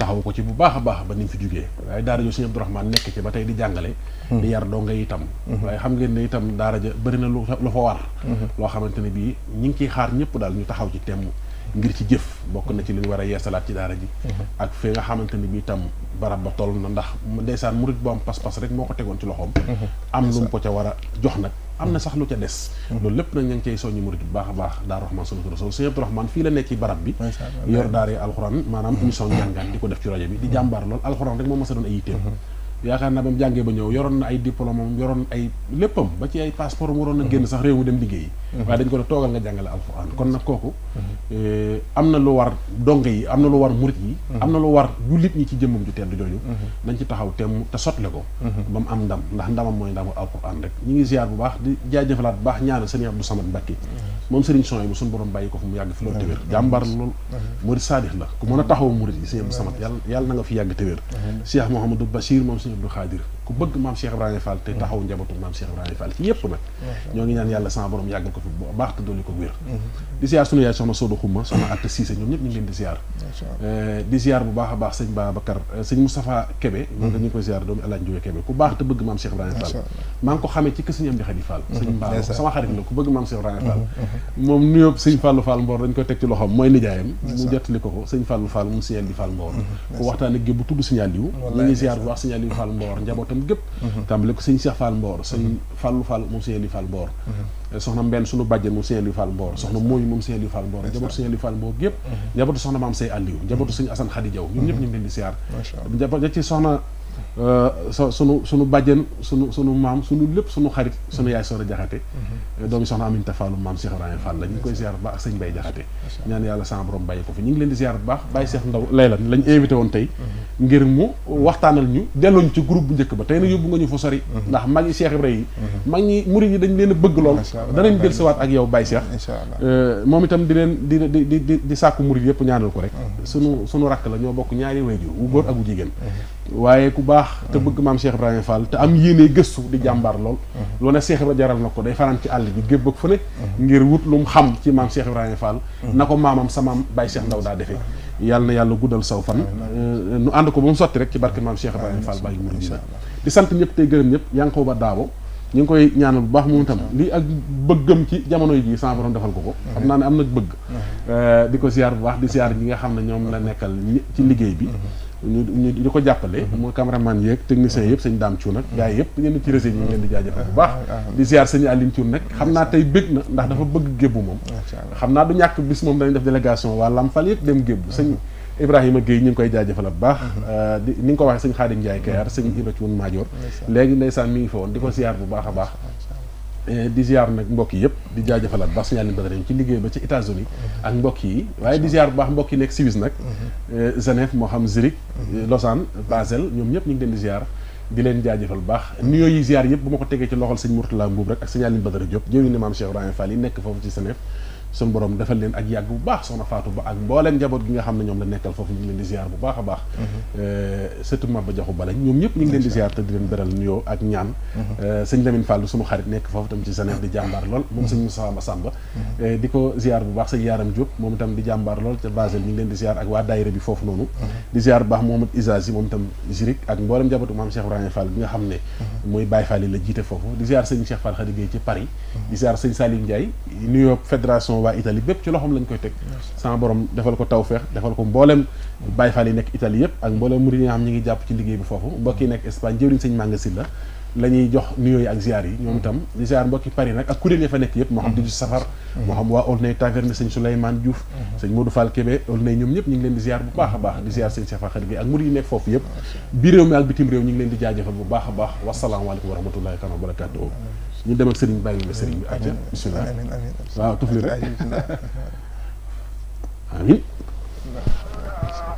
taxaw ko ci bu baax a baax ba ni mu fi jugee waaye daara jo Serigne Abdourahmane nekk ci ba tey di jàngale di yar doo nga itam waaye xam ngeen ne itam daara ja a barab ba toll na ndax ndeysaan murit bu am pas-pas rek moo ko tegoon ci loxoom am lu ko ca war a jox nag am na sax lu ca des loolu lépp nag ña ngi cey soññi murid bu baax a baax daar rahman sunatu rasul sëñ Abdou Rahman fii la nekk ci barab bi yor daare alxuraan maanaam émission njàngaan di ko def ci rajo bi di jàmbaar lool alxuraan rek moom masa doon ay yitteem mhm. yaakaar naa ba mu jàngee ba ñëw yoroon na ay diplôme am yoroon ay léppam ba ci ay passeport waroon na génn sax réew mi dem liggéey waaye dañ ko ne toogal nga jàngale alxuraan kon nag kooku eh, am na lu war dongo yi am na lu war murit yi am na lu war jullit ñi ci jëmmam ju tedd jooju nañ ci taxaw temm te sotle ko ba mu am ndam ndax ndamam mooy ndamu alxuraan rek ñu ngi ziar bu baax di jaajëfalaat bu baax ñaanal sëriñ Abdou Samad Mbacke moom sëriñ son yi bu suñu borom bàyyi ko fu mu yàgg fi loolu téwér jàmbaar lool murit saadix la ku mën a taxaw murit yi sëriñ Abdou Samad yàlla yàlla na nga fi yàgg téwér Cheikh Mouhamadou Bachir moom sëriñ Abdou ku bëgg maam Cheikh Ibrahima Fall te mm-hmm. mm-hmm. eh, a moom nuyoo sëñ Fallou Fall Mbor dañ koy teg ci loxoom mooy nijaayam mu jottali ko ko sëñ Fallou Fall mu signal di Fall Mbor mm-hmm. ku waxtaan ak bu tudd signal yiw ñu ngi ziar bu baax signal yiw Fall Mbor njabootam njabootam gépp mhm. tàmbale ko sëñ Cheikh Fall Mboor sëñ mhm. Fallou Fall moom sëñ Aliou Fall Mboor mhm. soxna Mbenn sunu bàjjen moom sëñ Aliou Fall Mboor soxna Mooy moom sëñ Aliou Fall Mboor njabootu sëñ Aliou Fall Mboor gépp njabootu soxna maam sëñ Aliou njabootu sëñ Assane Khady Diaw ñëpp ñu ngi leen di siyaar njabootu soxna Euh, so sunu sunu bàjjen sunu sunu maam sunu lépp sunu xarit sunu yaay soxna jaxate mhm. euh, doomi soxna Aminta Fallu maam Cheikh Ibrahima Fall la ñu koy ziar baax ak sëñ Baye jaxate ñaan yàlla sama borom bàyyi ko ñu ngi leen di ziar bu baax Baye Cheikh Ndaw lay lan lañ invité woon mhm. ngir mu waxtaanal ñu delloo ci groupe bu njëkk ba tey nag mhm. nga ñu fa sori ndax mag ñi Cheikh Ibrahima yi mag ñi murid yi dañ leen a bëgg lool danañ del sawaat ak yow Baye Cheikh euh, moom itam di leen di di di di sàkku murid yëpp ñaanal ko rek sunu sunu rakk la ñoo bokk ñaari wéy wu góor ak jigéen waaye ku baax baax te bëgg maam Cheikh Ibrahima Fall te am yéene gëstu di jàmbaar lool lu ne Cheikh Ibra jaral na ko day fanaan ci àll bi gébb ak fu ne ngir wut lu mu xam ci maam Cheikh Ibrahima Fall na ko maam maamam sama Baye Cheikh Ndaw daa defee yàlla na yàlla guddal saw fan nu ànd ko ba mu sotti rek ci barke maam Cheikh Ibrahima Fall bàyyi mur di sant ñëpp tey gërëm ñëpp yaa ngi ko ba daabo ñu ngi koy ñaanal bu baax moom itam lii ak bëggam ci jamono ji sans borom defal ko ko xam naa ne am nag bëgg eh, di ko siyaar bu baax di siyaar ñi nga xam ne ñoom la nekkal ci liggéey bi ñu di ko jàppale mhm. moo cameraman yeeg technicien mhm. yëpp sañ daam Thioune ak mhm. gars yi yëpp ñenn ci réseau yi ñu ngi leen di jaajëfal bu baax ah, ah, ah. di ziar sëñ Aline Thioune nag xam naa tey bëgg na ndax dafa bëgg gébbu moom xam naa du ñàkk bis moom dañu def délégation waa Lamfal yëpp dem gébbu sëñ Ibrahima Guèye ñu ngi koy jaajëfal bu baax euh, di ni nga ko waxee sëñ Xaadim Ndiaye Kayar sëñ Iba Thioune Madior léegi ndeysaan mi ngi fa woon di ko ziar bu baax a baax Eh, di ziar nag mbokk yëpp di jaajëfalaat baax suñu àll ba ci liggéey ba ci États-Unis ak mbokk yi waaye di ziar bu baax mbokk yi nekk Suisse nag. Genève eh, moo xam Zurich. Eh, Lausanne Basel ñoom ñëpp ñu ngi leen di ziar. di leen jaajëfal bu baax nuyoo yi ziar yëpp bu ma ko tegee ci loxol sëñ Mourtala Mbuub rek ak sëñ Aline Badara Diop jëwriñu Maam Cheikh Ibrahima Fall nekk foofu ci Senef suñu borom defal leen ak yàgg bu baax soxna Fatou Ba ak mbooleem njaboot gi nga xam ne ñoom la nekkal foofu ñu di ziar bu baax a mhm. euh, ñoom ñëpp ñu ngi leen di ziar te leen beral nuyoo ak ñaan mhm. euh, sëñ Lamine Fall xarit nekk foofu itam ci Genève di jàmbaar lool moom sëñ Moussa Massamba mhm. euh, di ko ziar bu baax moom itam di jàmbaar lool ca ngi leen di ziar ak waa daayira foofu noonu di ziar bu baax moom itam Zurich ak mbooleem njabootu maam Cheikh nga xam ne mooy Baye Fall yi la jiite foofu di ziar sëñ Cheikh Fall Khady Gueye ci Paris di ziar sëñ Salim Ndiaye New York fédération waa Italie bépp ci loxoom lañ koy teg sama borom defal ko tawfeex defal ko mboolem Baye Fall yi nekk Italie yëpp ak mboolem murid jàpp ci liggéey bi foofu mbokk yi nekk Espagne jëwriñ yi ak ziar yi ñoom itam di ziar mbokki Paris nag ak moo xam di ju safar moo xam waa Aulnay Taverne sëñ Souleymane Diouf sëñ Modou Fall Kébé ñoom ñëpp ñu ngi leen di ziar bu baax a baax di ziar sëñ Safa ak murid yi nekk foofu yëpp bi mi ak bitim réew ñu ngi leen di jaajëfal bu baax a baax wasalaamaaleykum wa rahmatullahi taala wa barakatuh ñu dem ak sëriñ bàyyi la sëriñ bi acca bisimilah amiin amiin waaw tufli *laughs*